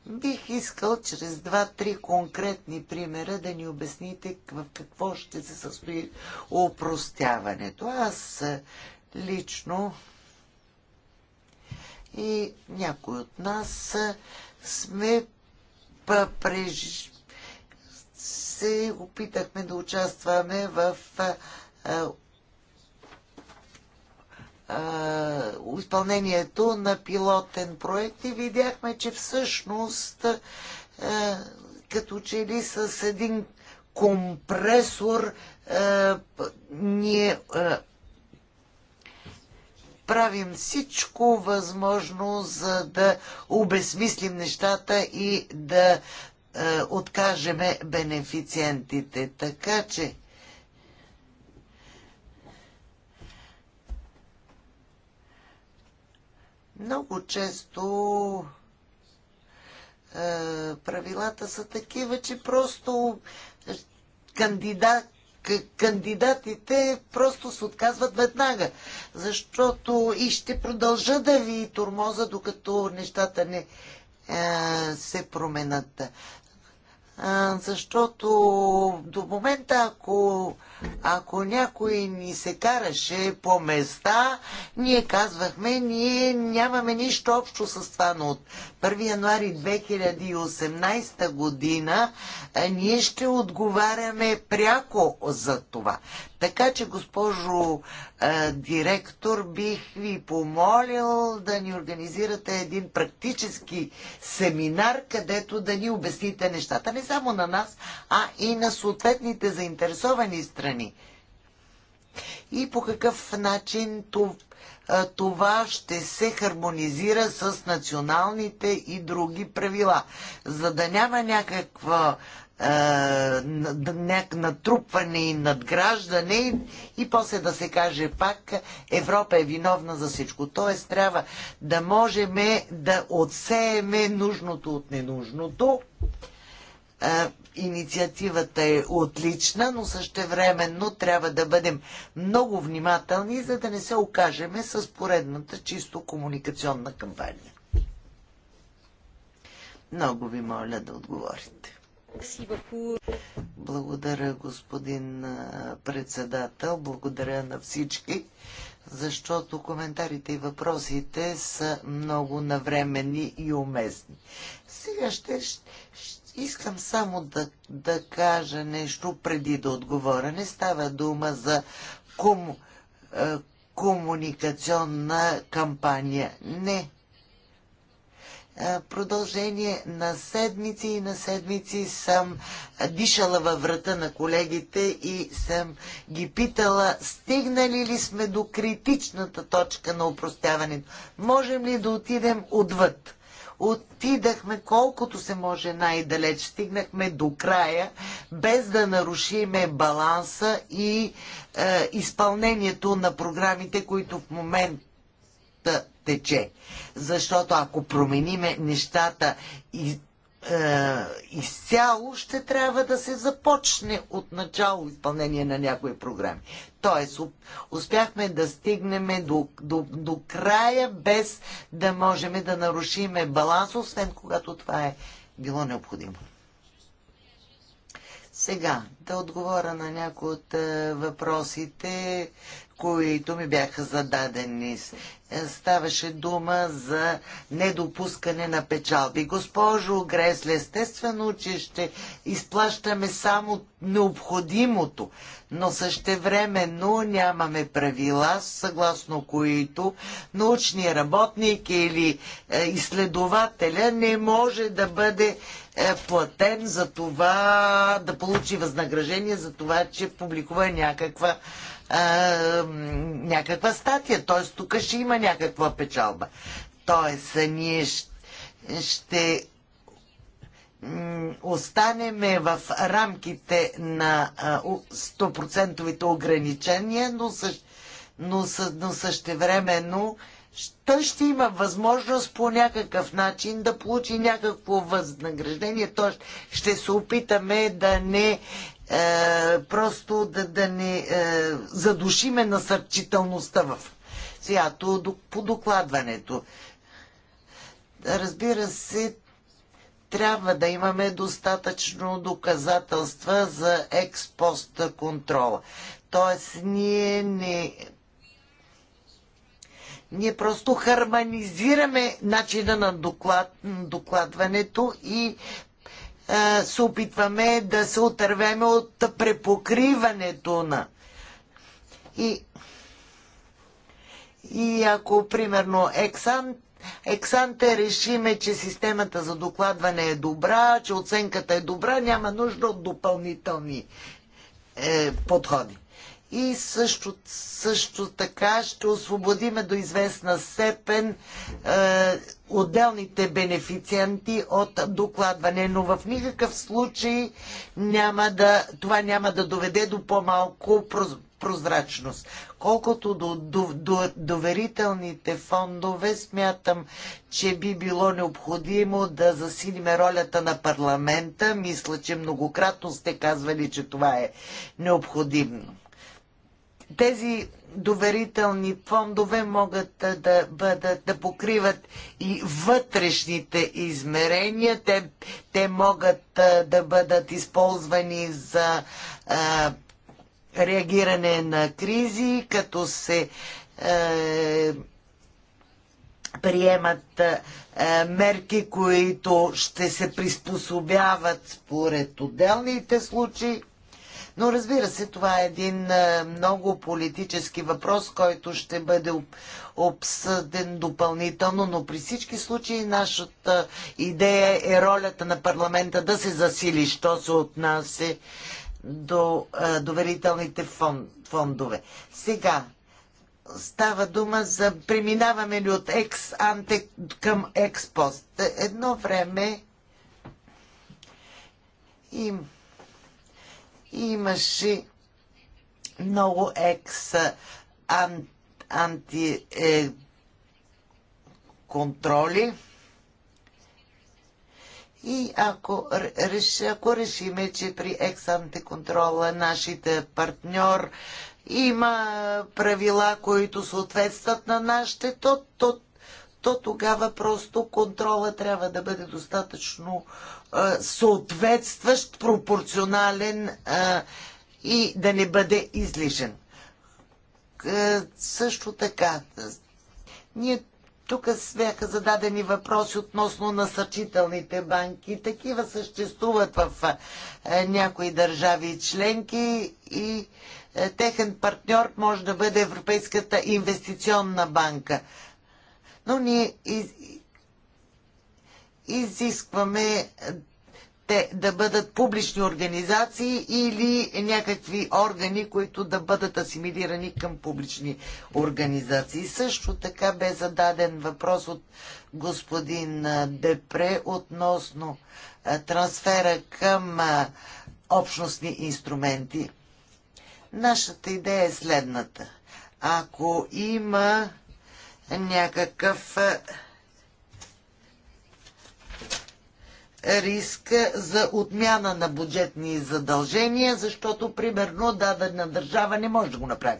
Бих искал чрез два-три конкретни примера да ни обясните в какво ще се състои упростяването. Аз лично и някои от нас сме преж... се опитахме да участваме в изпълнението на пилотен проект и видяхме, че всъщност като че ли с един компресор ние правим всичко възможно, за да обезмислим нещата и да откажеме бенефициентите. Така че Много често е, правилата са такива, че просто е, кандидат, кандидатите просто се отказват веднага. Защото и ще продължа да ви тормоза, докато нещата не е, се променят защото до момента, ако, ако някой ни се караше по места, ние казвахме, ние нямаме нищо общо с това, но от 1 януари 2018 година ние ще отговаряме пряко за това. Така че, госпожо е, директор, бих ви помолил да ни организирате един практически семинар, където да ни обясните нещата не само на нас, а и на съответните заинтересовани страни. И по какъв начин това ще се хармонизира с националните и други правила, за да няма някаква натрупване и надграждане и после да се каже пак Европа е виновна за всичко. Тоест трябва да можеме да отсееме нужното от ненужното. Инициативата е отлична, но същевременно трябва да бъдем много внимателни, за да не се окажеме с поредната чисто комуникационна кампания. Много ви моля да отговорите. Благодаря, господин председател. Благодаря на всички, защото коментарите и въпросите са много навремени и уместни. Сега ще, ще искам само да, да кажа нещо преди да отговоря. Не става дума за кому, комуникационна кампания. Не. Е, продължение на седмици и на седмици съм дишала във врата на колегите и съм ги питала, стигнали ли сме до критичната точка на упростяването? Можем ли да отидем отвъд? Отидахме колкото се може най-далеч, стигнахме до края, без да нарушиме баланса и е, изпълнението на програмите, които в момента тече. Защото ако промениме нещата и, е, изцяло, ще трябва да се започне от начало изпълнение на някои програми. Тоест, успяхме да стигнем до, до, до края, без да можем да нарушиме баланс, освен когато това е било необходимо. Сега да отговоря на някои от е, въпросите, които ми бяха зададени. Ставаше дума за недопускане на печалби. Госпожо Гресле, естествено, че ще изплащаме само необходимото, но същевременно нямаме правила, съгласно които научният работник или е, изследователя не може да бъде е, платен за това, да получи възнаграждение за това, че публикува някаква някаква статия. Т.е. тук ще има някаква печалба. Т.е. ние ще, ще останеме в рамките на 100% ограничения, но, също, но, но същевременно той ще има възможност по някакъв начин да получи някакво възнаграждение. Т.е. ще се опитаме да не е, просто да, да не е, задушиме насърчителността в свято по докладването. Разбира се, трябва да имаме достатъчно доказателства за експост контрола. Тоест, ние не. Ние просто хармонизираме начина на доклад, докладването и е, се опитваме да се отървеме от препокриването на. И, и ако, примерно, ексан, решиме, че системата за докладване е добра, че оценката е добра, няма нужда от допълнителни е, подходи и също, също така ще освободиме до известна степен е, отделните бенефициенти от докладване, но в никакъв случай няма да, това няма да доведе до по-малко прозрачност. Колкото до, до, до доверителните фондове, смятам, че би било необходимо да засилиме ролята на парламента. Мисля, че многократно сте казвали, че това е необходимо. Тези доверителни фондове могат да, бъдат, да покриват и вътрешните измерения. Те, те могат да бъдат използвани за а, реагиране на кризи, като се а, приемат а, мерки, които ще се приспособяват според отделните случаи. Но разбира се, това е един е, много политически въпрос, който ще бъде обсъден допълнително, но при всички случаи нашата идея е ролята на парламента да се засили, що се отнася до е, доверителните фондове. Сега, става дума за преминаване ли от екс-анте към експост. Едно време им Имаше много екс ан, анти е, контроли. И ако, реш, ако решиме, че при ексанте контрола нашите партньор има правила, които съответстват на нашите, то, то, то тогава просто контрола трябва да бъде достатъчно съответстващ, пропорционален и да не бъде излишен. Също така, ние тук бяха зададени въпроси относно насърчителните банки. Такива съществуват в някои държави членки и техен партньор може да бъде Европейската инвестиционна банка. Но ние изискваме те да бъдат публични организации или някакви органи, които да бъдат асимилирани към публични организации. Също така бе зададен въпрос от господин Депре относно трансфера към общностни инструменти. Нашата идея е следната. Ако има някакъв риск за отмяна на бюджетни задължения, защото примерно дадена държава не може да го направи.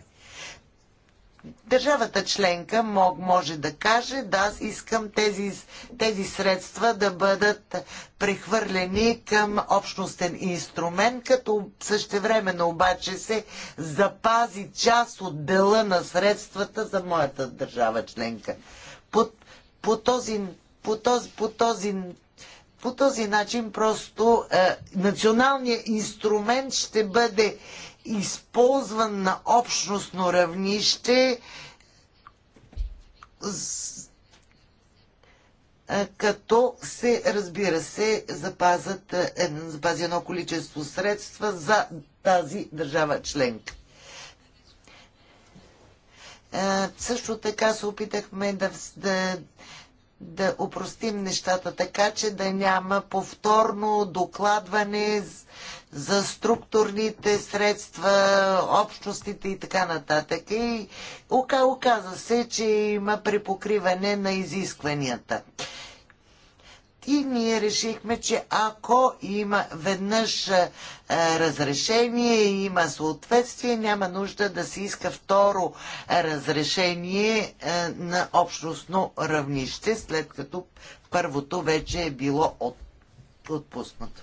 Държавата членка може да каже, да, аз искам тези, тези средства да бъдат прехвърлени към общностен инструмент, като същевременно обаче се запази част от дела на средствата за моята държава членка. По, по, този, по, този, по, този, по този начин просто е, националният инструмент ще бъде използван на общностно равнище с, е, като се, разбира се, запазят, е, запази едно количество средства за тази държава членка. Е, също така се опитахме да, да, да упростим нещата така, че да няма повторно докладване за структурните средства, общностите и така нататък. И оказа се, че има припокриване на изискванията. И ние решихме, че ако има веднъж е, разрешение има съответствие, няма нужда да се иска второ разрешение е, на общностно равнище, след като първото вече е било отпуснато.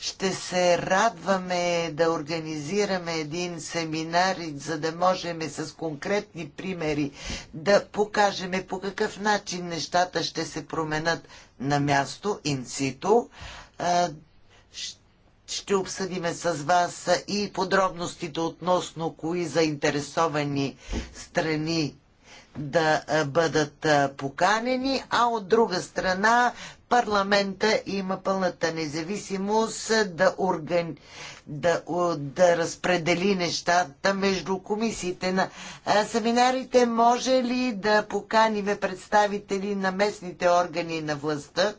Ще се радваме да организираме един семинар, за да можем с конкретни примери да покажем по какъв начин нещата ще се променят на място, инсито. Ще обсъдиме с вас и подробностите относно кои заинтересовани страни да бъдат поканени, а от друга страна парламента има пълната независимост да, органи... да, да разпредели нещата между комисиите на семинарите. Може ли да поканиме представители на местните органи на властта,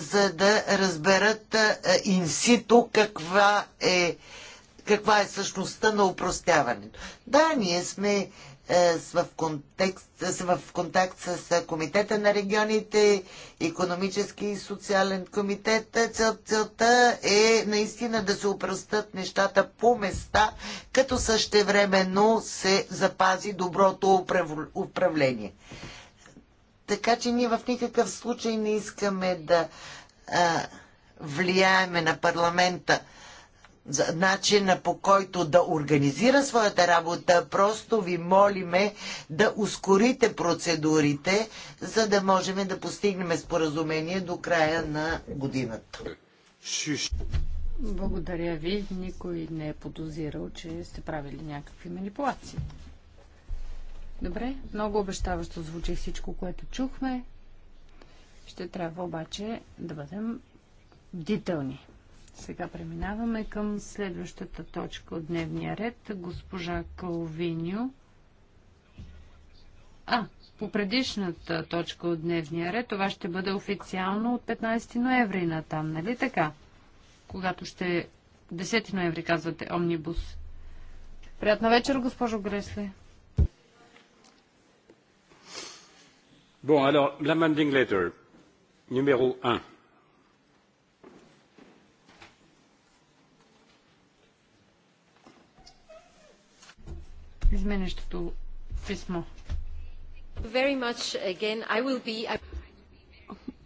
за да разберат инсито каква е каква е същността на упростяването. Да, ние сме е, в, са е, в контакт с Комитета на регионите, економически и социален комитет. целта е наистина да се упростат нещата по места, като същевременно се запази доброто управление. Така че ние в никакъв случай не искаме да а, влияеме на парламента начина по който да организира своята работа. Просто ви молиме да ускорите процедурите, за да можем да постигнем споразумение до края на годината. Благодаря ви. Никой не е подозирал, че сте правили някакви манипулации. Добре, много обещаващо звучи всичко, което чухме. Ще трябва обаче да бъдем бдителни. Сега преминаваме към следващата точка от дневния ред. Госпожа Калвиньо. А, по предишната точка от дневния ред, това ще бъде официално от 15 ноември на там, нали така? Когато ще... 10 ноември, казвате, Омнибус. Приятна вечер, госпожо Гресле. Bon, alors, l'amending letter, numéro 1. изменещото писмо. Be...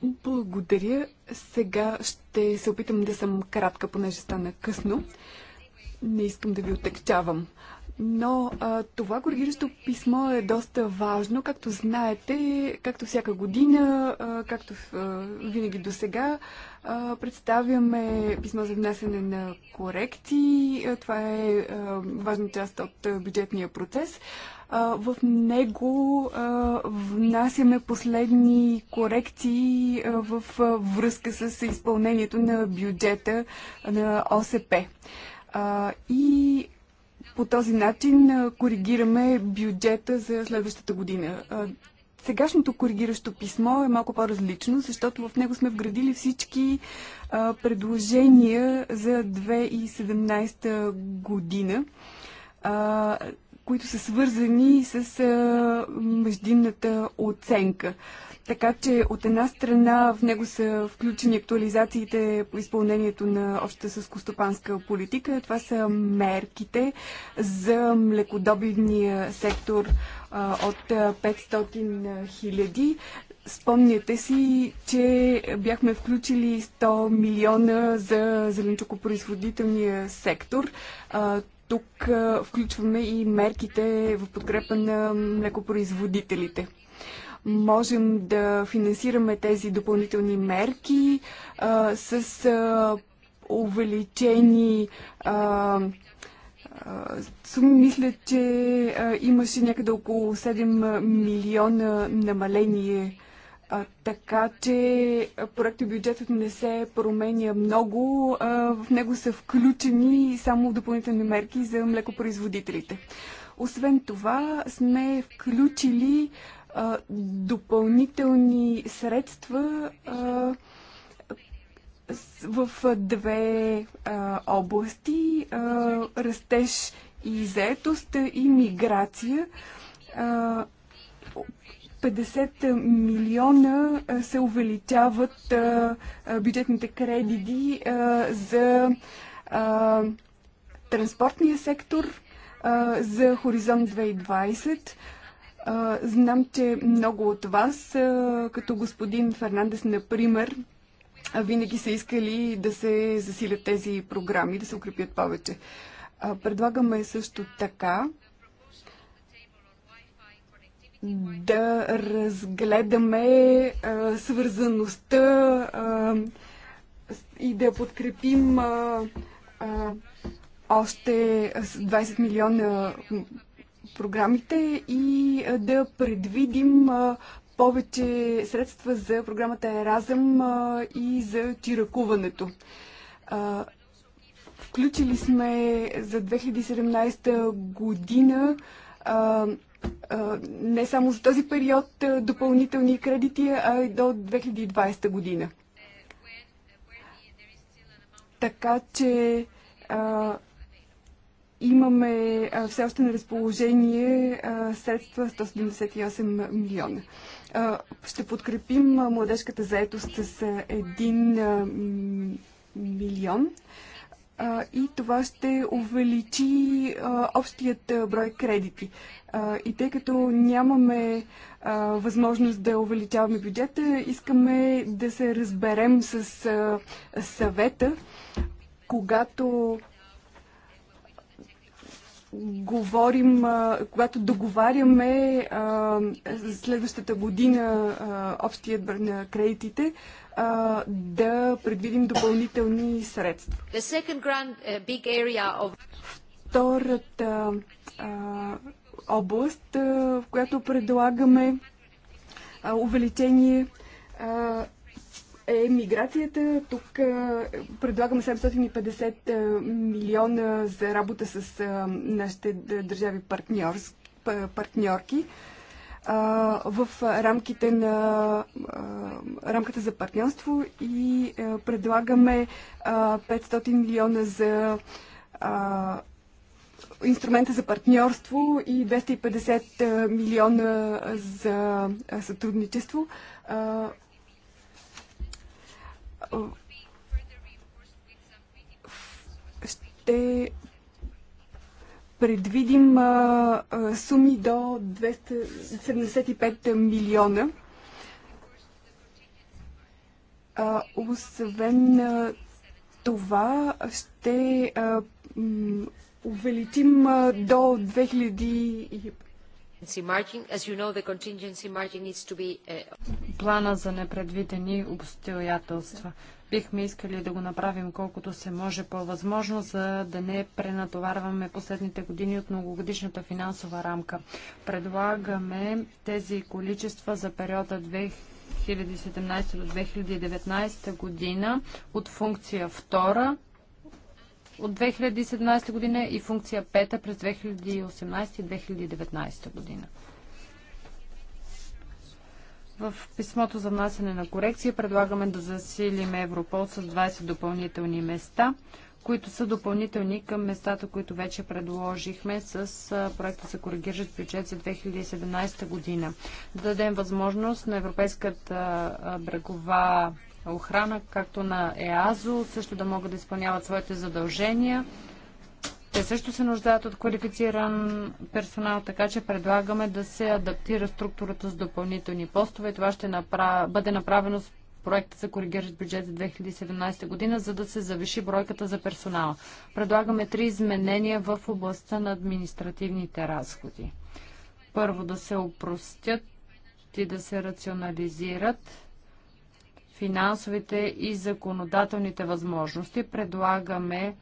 Благодаря. Сега ще се опитам да съм кратка, понеже стана късно. Не искам да ви отекчавам. Но а, това коригиращо писмо е доста важно, както знаете, както всяка година, а, както а, винаги до сега, представяме писмо за внасяне на корекции. Това е а, важна част от бюджетния процес. А, в него а, внасяме последни корекции а, в а, връзка с изпълнението на бюджета на ОСП. А, и по този начин коригираме бюджета за следващата година. Сегашното коригиращо писмо е малко по-различно, защото в него сме вградили всички предложения за 2017 година, които са свързани с междинната оценка. Така че от една страна в него са включени актуализациите по изпълнението на общата съскостопанска политика. Това са мерките за млекодобивния сектор от 500 хиляди. Спомняте си, че бяхме включили 100 милиона за зеленчукопроизводителния сектор. тук включваме и мерките в подкрепа на млекопроизводителите можем да финансираме тези допълнителни мерки а, с а, увеличени а, суми. Мисля, че а, имаше някъде около 7 милиона намаление. А, така че проектът бюджетът не се променя много. А, в него са включени само допълнителни мерки за млекопроизводителите. Освен това сме включили а, допълнителни средства а, в две а, области а, растеж и заетост и миграция. А, 50 милиона се увеличават а, бюджетните кредити а, за а, транспортния сектор, за Хоризонт 2020. Знам, че много от вас, като господин Фернандес, например, винаги са искали да се засилят тези програми, да се укрепят повече. Предлагаме също така да разгледаме свързаността и да подкрепим още 20 милиона програмите и да предвидим повече средства за програмата Еразъм и за чиракуването. Включили сме за 2017 година не само за този период допълнителни кредити, а и до 2020 година. Така че имаме все още на разположение средства 178 милиона. ще подкрепим младежката заетост с 1 милион и това ще увеличи общият брой кредити. и тъй като нямаме възможност да увеличаваме бюджета, искаме да се разберем с съвета, когато говорим, когато договаряме следващата година общия на кредитите, да предвидим допълнителни средства. Uh, Втората област, в която предлагаме увеличение е миграцията. Тук е, предлагаме 750 е, милиона за работа с е, нашите държави партньорки в рамките на рамката за партньорство и предлагаме 500 милиона за инструмента за партньорство и 250 милиона за сътрудничество ще предвидим а, а, суми до 275 милиона. А, освен а, това, ще а, увеличим а, до 2000 Uh, Плана за непредвидени обстоятелства. Бихме искали да го направим колкото се може по-възможно, за да не пренатоварваме последните години от многогодишната финансова рамка. Предлагаме тези количества за периода 2017 до 2019 година от функция 2 от 2017 година и функция 5 през 2018 и 2019 година. В писмото за внасяне на корекция предлагаме да засилим Европол с 20 допълнителни места, които са допълнителни към местата, които вече предложихме с проекта за коригиращ бюджет за 2017 година. Да дадем възможност на Европейската брегова охрана, както на ЕАЗО, също да могат да изпълняват своите задължения. Те също се нуждаят от квалифициран персонал, така че предлагаме да се адаптира структурата с допълнителни постове. Това ще направ... бъде направено с проекта за коригиращ бюджет за 2017 година, за да се завиши бройката за персонала. Предлагаме три изменения в областта на административните разходи. Първо да се опростят и да се рационализират финансовите и законодателните възможности. Предлагаме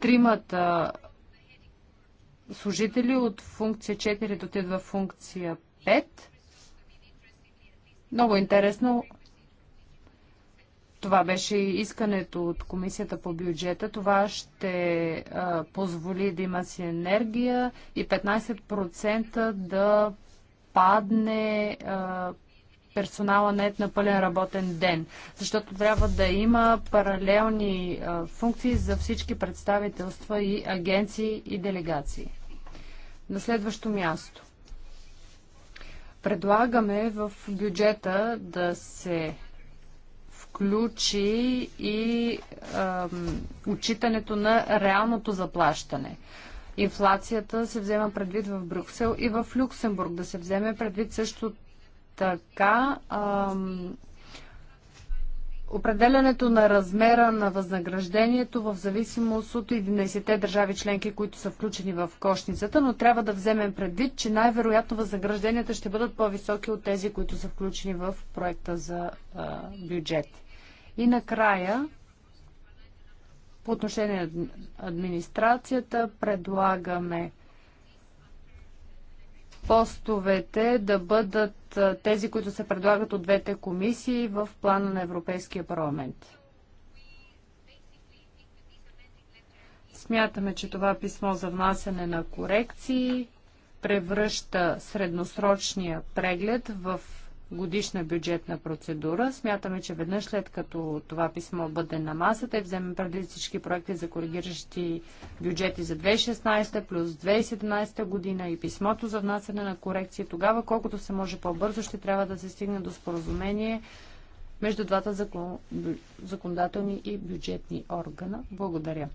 тримата служители от функция 4 дотидат в функция 5. Много интересно. Това беше и искането от Комисията по бюджета. Това ще а, позволи да има си енергия и 15% да падне а, персонала не е на пълен работен ден, защото трябва да има паралелни а, функции за всички представителства и агенции и делегации. На следващо място. Предлагаме в бюджета да се включи и отчитането на реалното заплащане. Инфлацията се взема предвид в Брюксел и в Люксембург. Да се вземе предвид също така определянето на размера на възнаграждението в зависимост от 11-те държави членки, които са включени в кошницата, но трябва да вземем предвид, че най-вероятно възнагражденията ще бъдат по-високи от тези, които са включени в проекта за а, бюджет. И накрая, по отношение на администрацията, предлагаме постовете да бъдат тези, които се предлагат от двете комисии в плана на Европейския парламент. Смятаме, че това писмо за внасяне на корекции превръща средносрочния преглед в годишна бюджетна процедура. Смятаме, че веднъж след като това писмо бъде на масата и вземем преди всички проекти за коригиращи бюджети за 2016 плюс 2017 година и писмото за внасяне на корекции, тогава колкото се може по-бързо ще трябва да се стигне до споразумение между двата законодателни и бюджетни органа. Благодаря.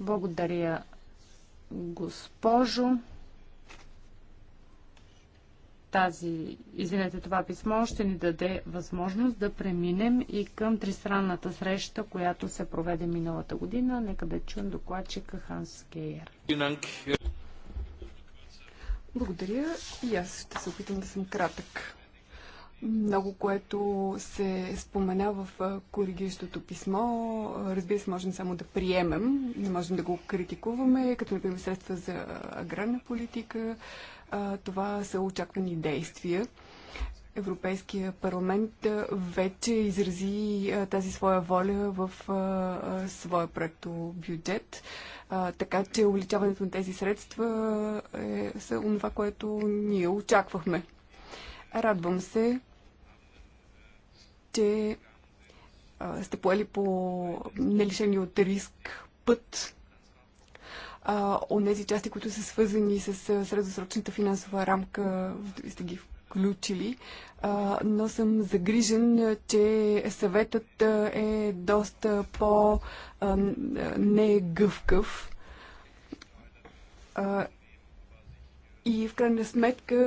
Благодаря, госпожо тази, извинете, това писмо ще ни даде възможност да преминем и към тристранната среща, която се проведе миналата година. Нека да чуем докладчика Ханс Гейер. Благодаря и аз ще се опитам да съм кратък. Много, което се спомена в коригиращото писмо, разбира се, можем само да приемем, не можем да го критикуваме, като например средства за аграрна политика, това са очаквани действия. Европейския парламент вече изрази тази своя воля в своя проекто бюджет. Така че увеличаването на тези средства е, са това, което ние очаквахме. Радвам се, че сте поели по нелишени от риск път от тези части, които са свързани с средосрочната финансова рамка, сте ги включили, а, но съм загрижен, че съветът е доста по а, не и в крайна сметка,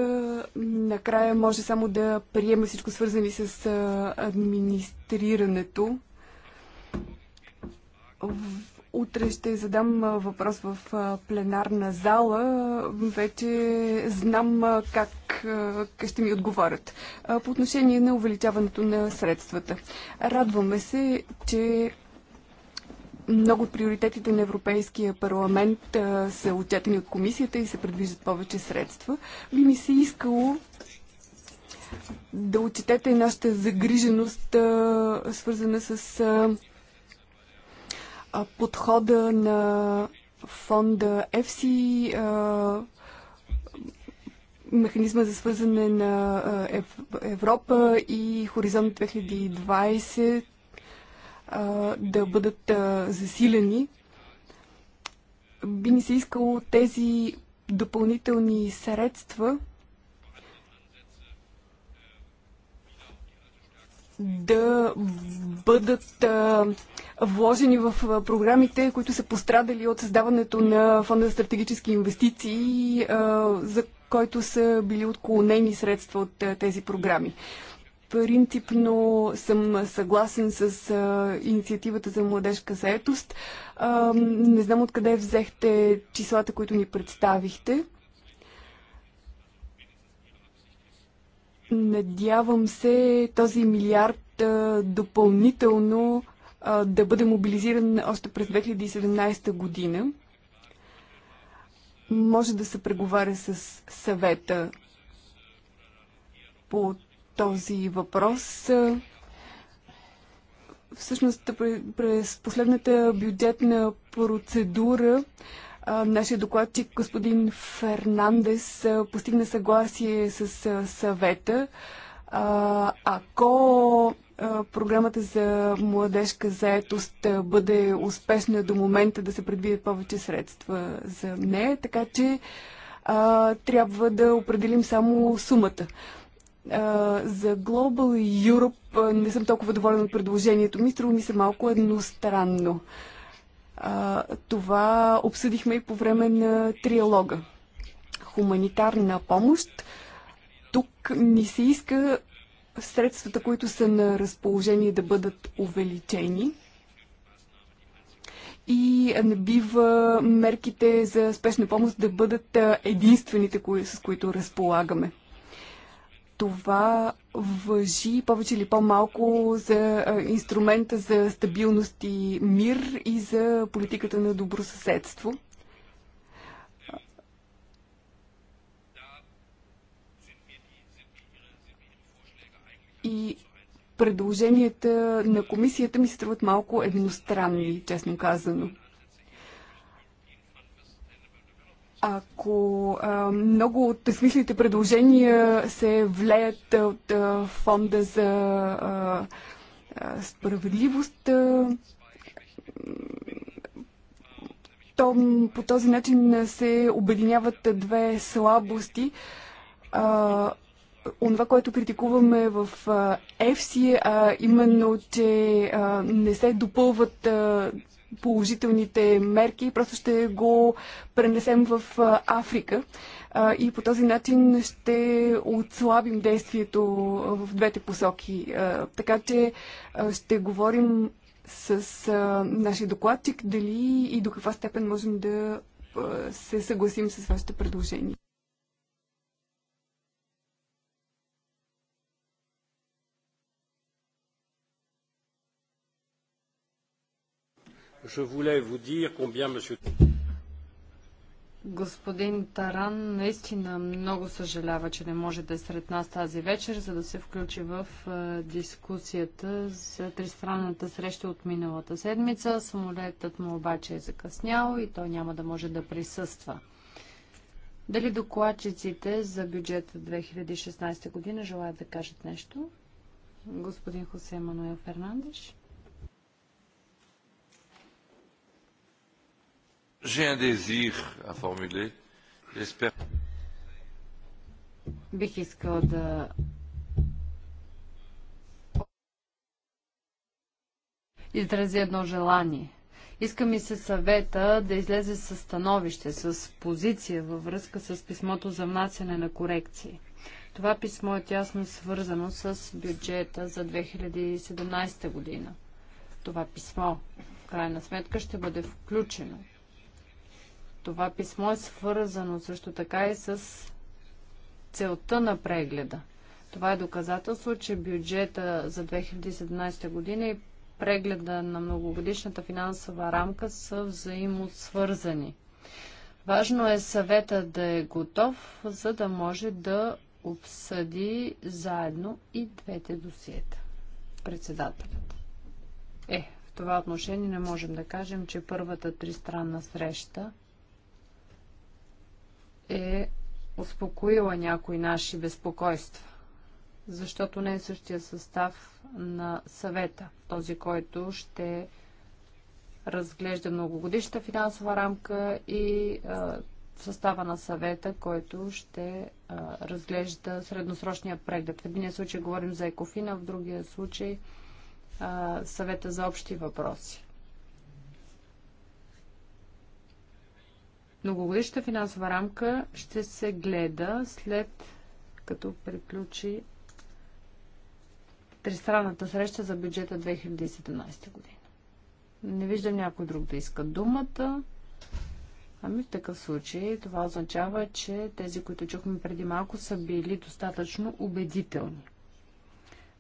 накрая може само да приеме всичко свързани с администрирането Утре ще задам въпрос в пленарна зала. Вече знам как ще ми отговорят. По отношение на увеличаването на средствата. Радваме се, че много от приоритетите на Европейския парламент са отчетени от комисията и се предвиждат повече средства. Би ми се искало да отчетете нашата загриженост, свързана с подхода на фонда ЕФСИ, механизма за свързане на Европа и Хоризонт 2020 да бъдат засилени. Би ни се искало тези допълнителни средства да бъдат а, вложени в а, програмите, които са пострадали от създаването на Фонда за стратегически инвестиции, а, за който са били отклонени средства от а, тези програми. Принципно съм съгласен с а, инициативата за младежка заетост. А, не знам откъде взехте числата, които ни представихте. Надявам се този милиард а, допълнително а, да бъде мобилизиран още през 2017 година. Може да се преговаря с съвета по този въпрос. Всъщност през последната бюджетна процедура Нашия докладчик господин Фернандес постигна съгласие с съвета. Ако програмата за младежка заетост бъде успешна до момента да се предвидят повече средства за нея, така че трябва да определим само сумата. за Global Europe не съм толкова доволен от предложението ми, струва ми се малко едностранно. А, това обсъдихме и по време на триалога. Хуманитарна помощ. Тук ни се иска средствата, които са на разположение да бъдат увеличени и не бива мерките за спешна помощ да бъдат единствените, с които разполагаме. Това въжи повече или по-малко за инструмента за стабилност и мир и за политиката на добросъседство. И предложенията на комисията ми се струват малко едностранни, честно казано. Ако а, много от смислите предложения се влеят от а, фонда за а, а, справедливост, а, то по този начин се обединяват две слабости. А, онова, което критикуваме в ЕФСИ, а именно, че а, не се допълват а, положителните мерки, просто ще го пренесем в Африка и по този начин ще отслабим действието в двете посоки. Така че ще говорим с нашия докладчик дали и до каква степен можем да се съгласим с вашите предложения. je voulais vous dire combien monsieur Господин Таран наистина много съжалява, че не може да е сред нас тази вечер, за да се включи в е, дискусията за тристранната среща от миналата седмица. Самолетът му обаче е закъснял и той няма да може да присъства. Дали докладчиците за бюджета 2016 година желаят да кажат нещо? Господин Хосе Мануел Фернандеш. J'ai un désir à formuler. J'espère. Бих искал да изрази едно желание. Иска ми се съвета да излезе с становище, с позиция във връзка с писмото за внасяне на корекции. Това писмо е тясно свързано с бюджета за 2017 година. Това писмо, в крайна сметка, ще бъде включено това писмо е свързано също така и с целта на прегледа. Това е доказателство, че бюджета за 2017 година и прегледа на многогодишната финансова рамка са взаимосвързани. Важно е съвета да е готов, за да може да обсъди заедно и двете досиета. Председателят. Е, в това отношение не можем да кажем, че първата тристранна среща – е успокоила някои наши безпокойства, защото не е същия състав на съвета, този, който ще разглежда многогодишната финансова рамка и а, състава на съвета, който ще а, разглежда средносрочния преглед. В единия случай говорим за екофина, в другия случай а, съвета за общи въпроси. Многогодишната финансова рамка ще се гледа след като приключи тристранната среща за бюджета 2017 година. Не виждам някой друг да иска думата. Ами в такъв случай това означава, че тези, които чухме преди малко, са били достатъчно убедителни.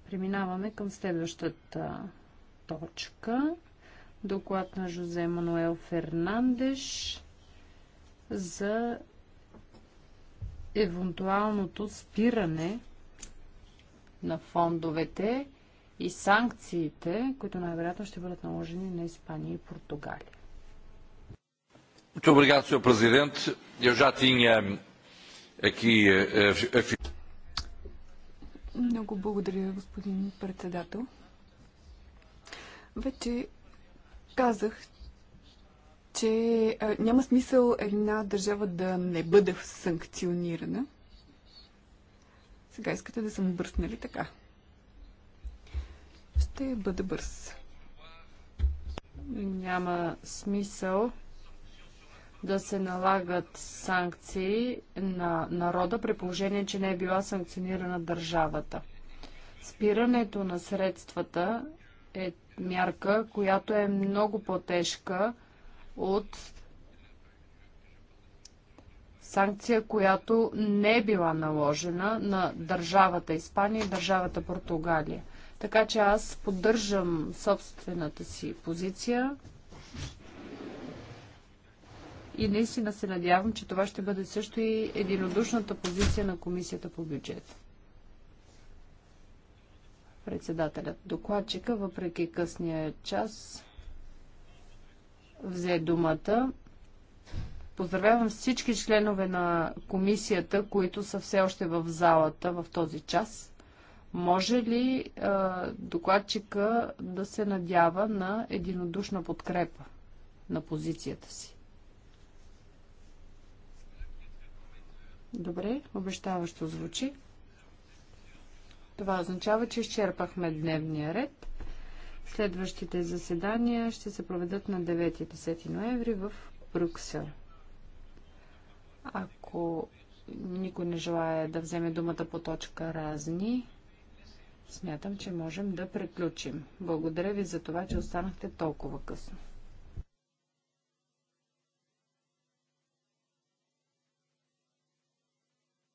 Преминаваме към следващата точка. Доклад на Жозе Мануел Фернандеш за евентуалното спиране на фондовете и санкциите, които най-вероятно ще бъдат наложени на Испания и Португалия. Muito obrigado, Sr. Presidente. Eu já tinha aqui э, э, a... Много благодаря, господин председател. Вече казах, че а, няма смисъл една държава да не бъде санкционирана. Сега искате да съм бърз, нали така? Ще бъда бърз. Няма смисъл да се налагат санкции на народа при положение, че не е била санкционирана държавата. Спирането на средствата е мярка, която е много по-тежка от санкция, която не е била наложена на държавата Испания и държавата Португалия. Така че аз поддържам собствената си позиция и наистина се надявам, че това ще бъде също и единодушната позиция на Комисията по бюджет. Председателят докладчика, въпреки късния час, взе думата. Поздравявам всички членове на комисията, които са все още в залата в този час. Може ли е, докладчика да се надява на единодушна подкрепа на позицията си? Добре, обещаващо звучи. Това означава, че изчерпахме дневния ред. Следващите заседания ще се проведат на 9 и 10 ноември в Брюксел. Ако никой не желая да вземе думата по точка разни, смятам, че можем да приключим. Благодаря ви за това, че останахте толкова късно.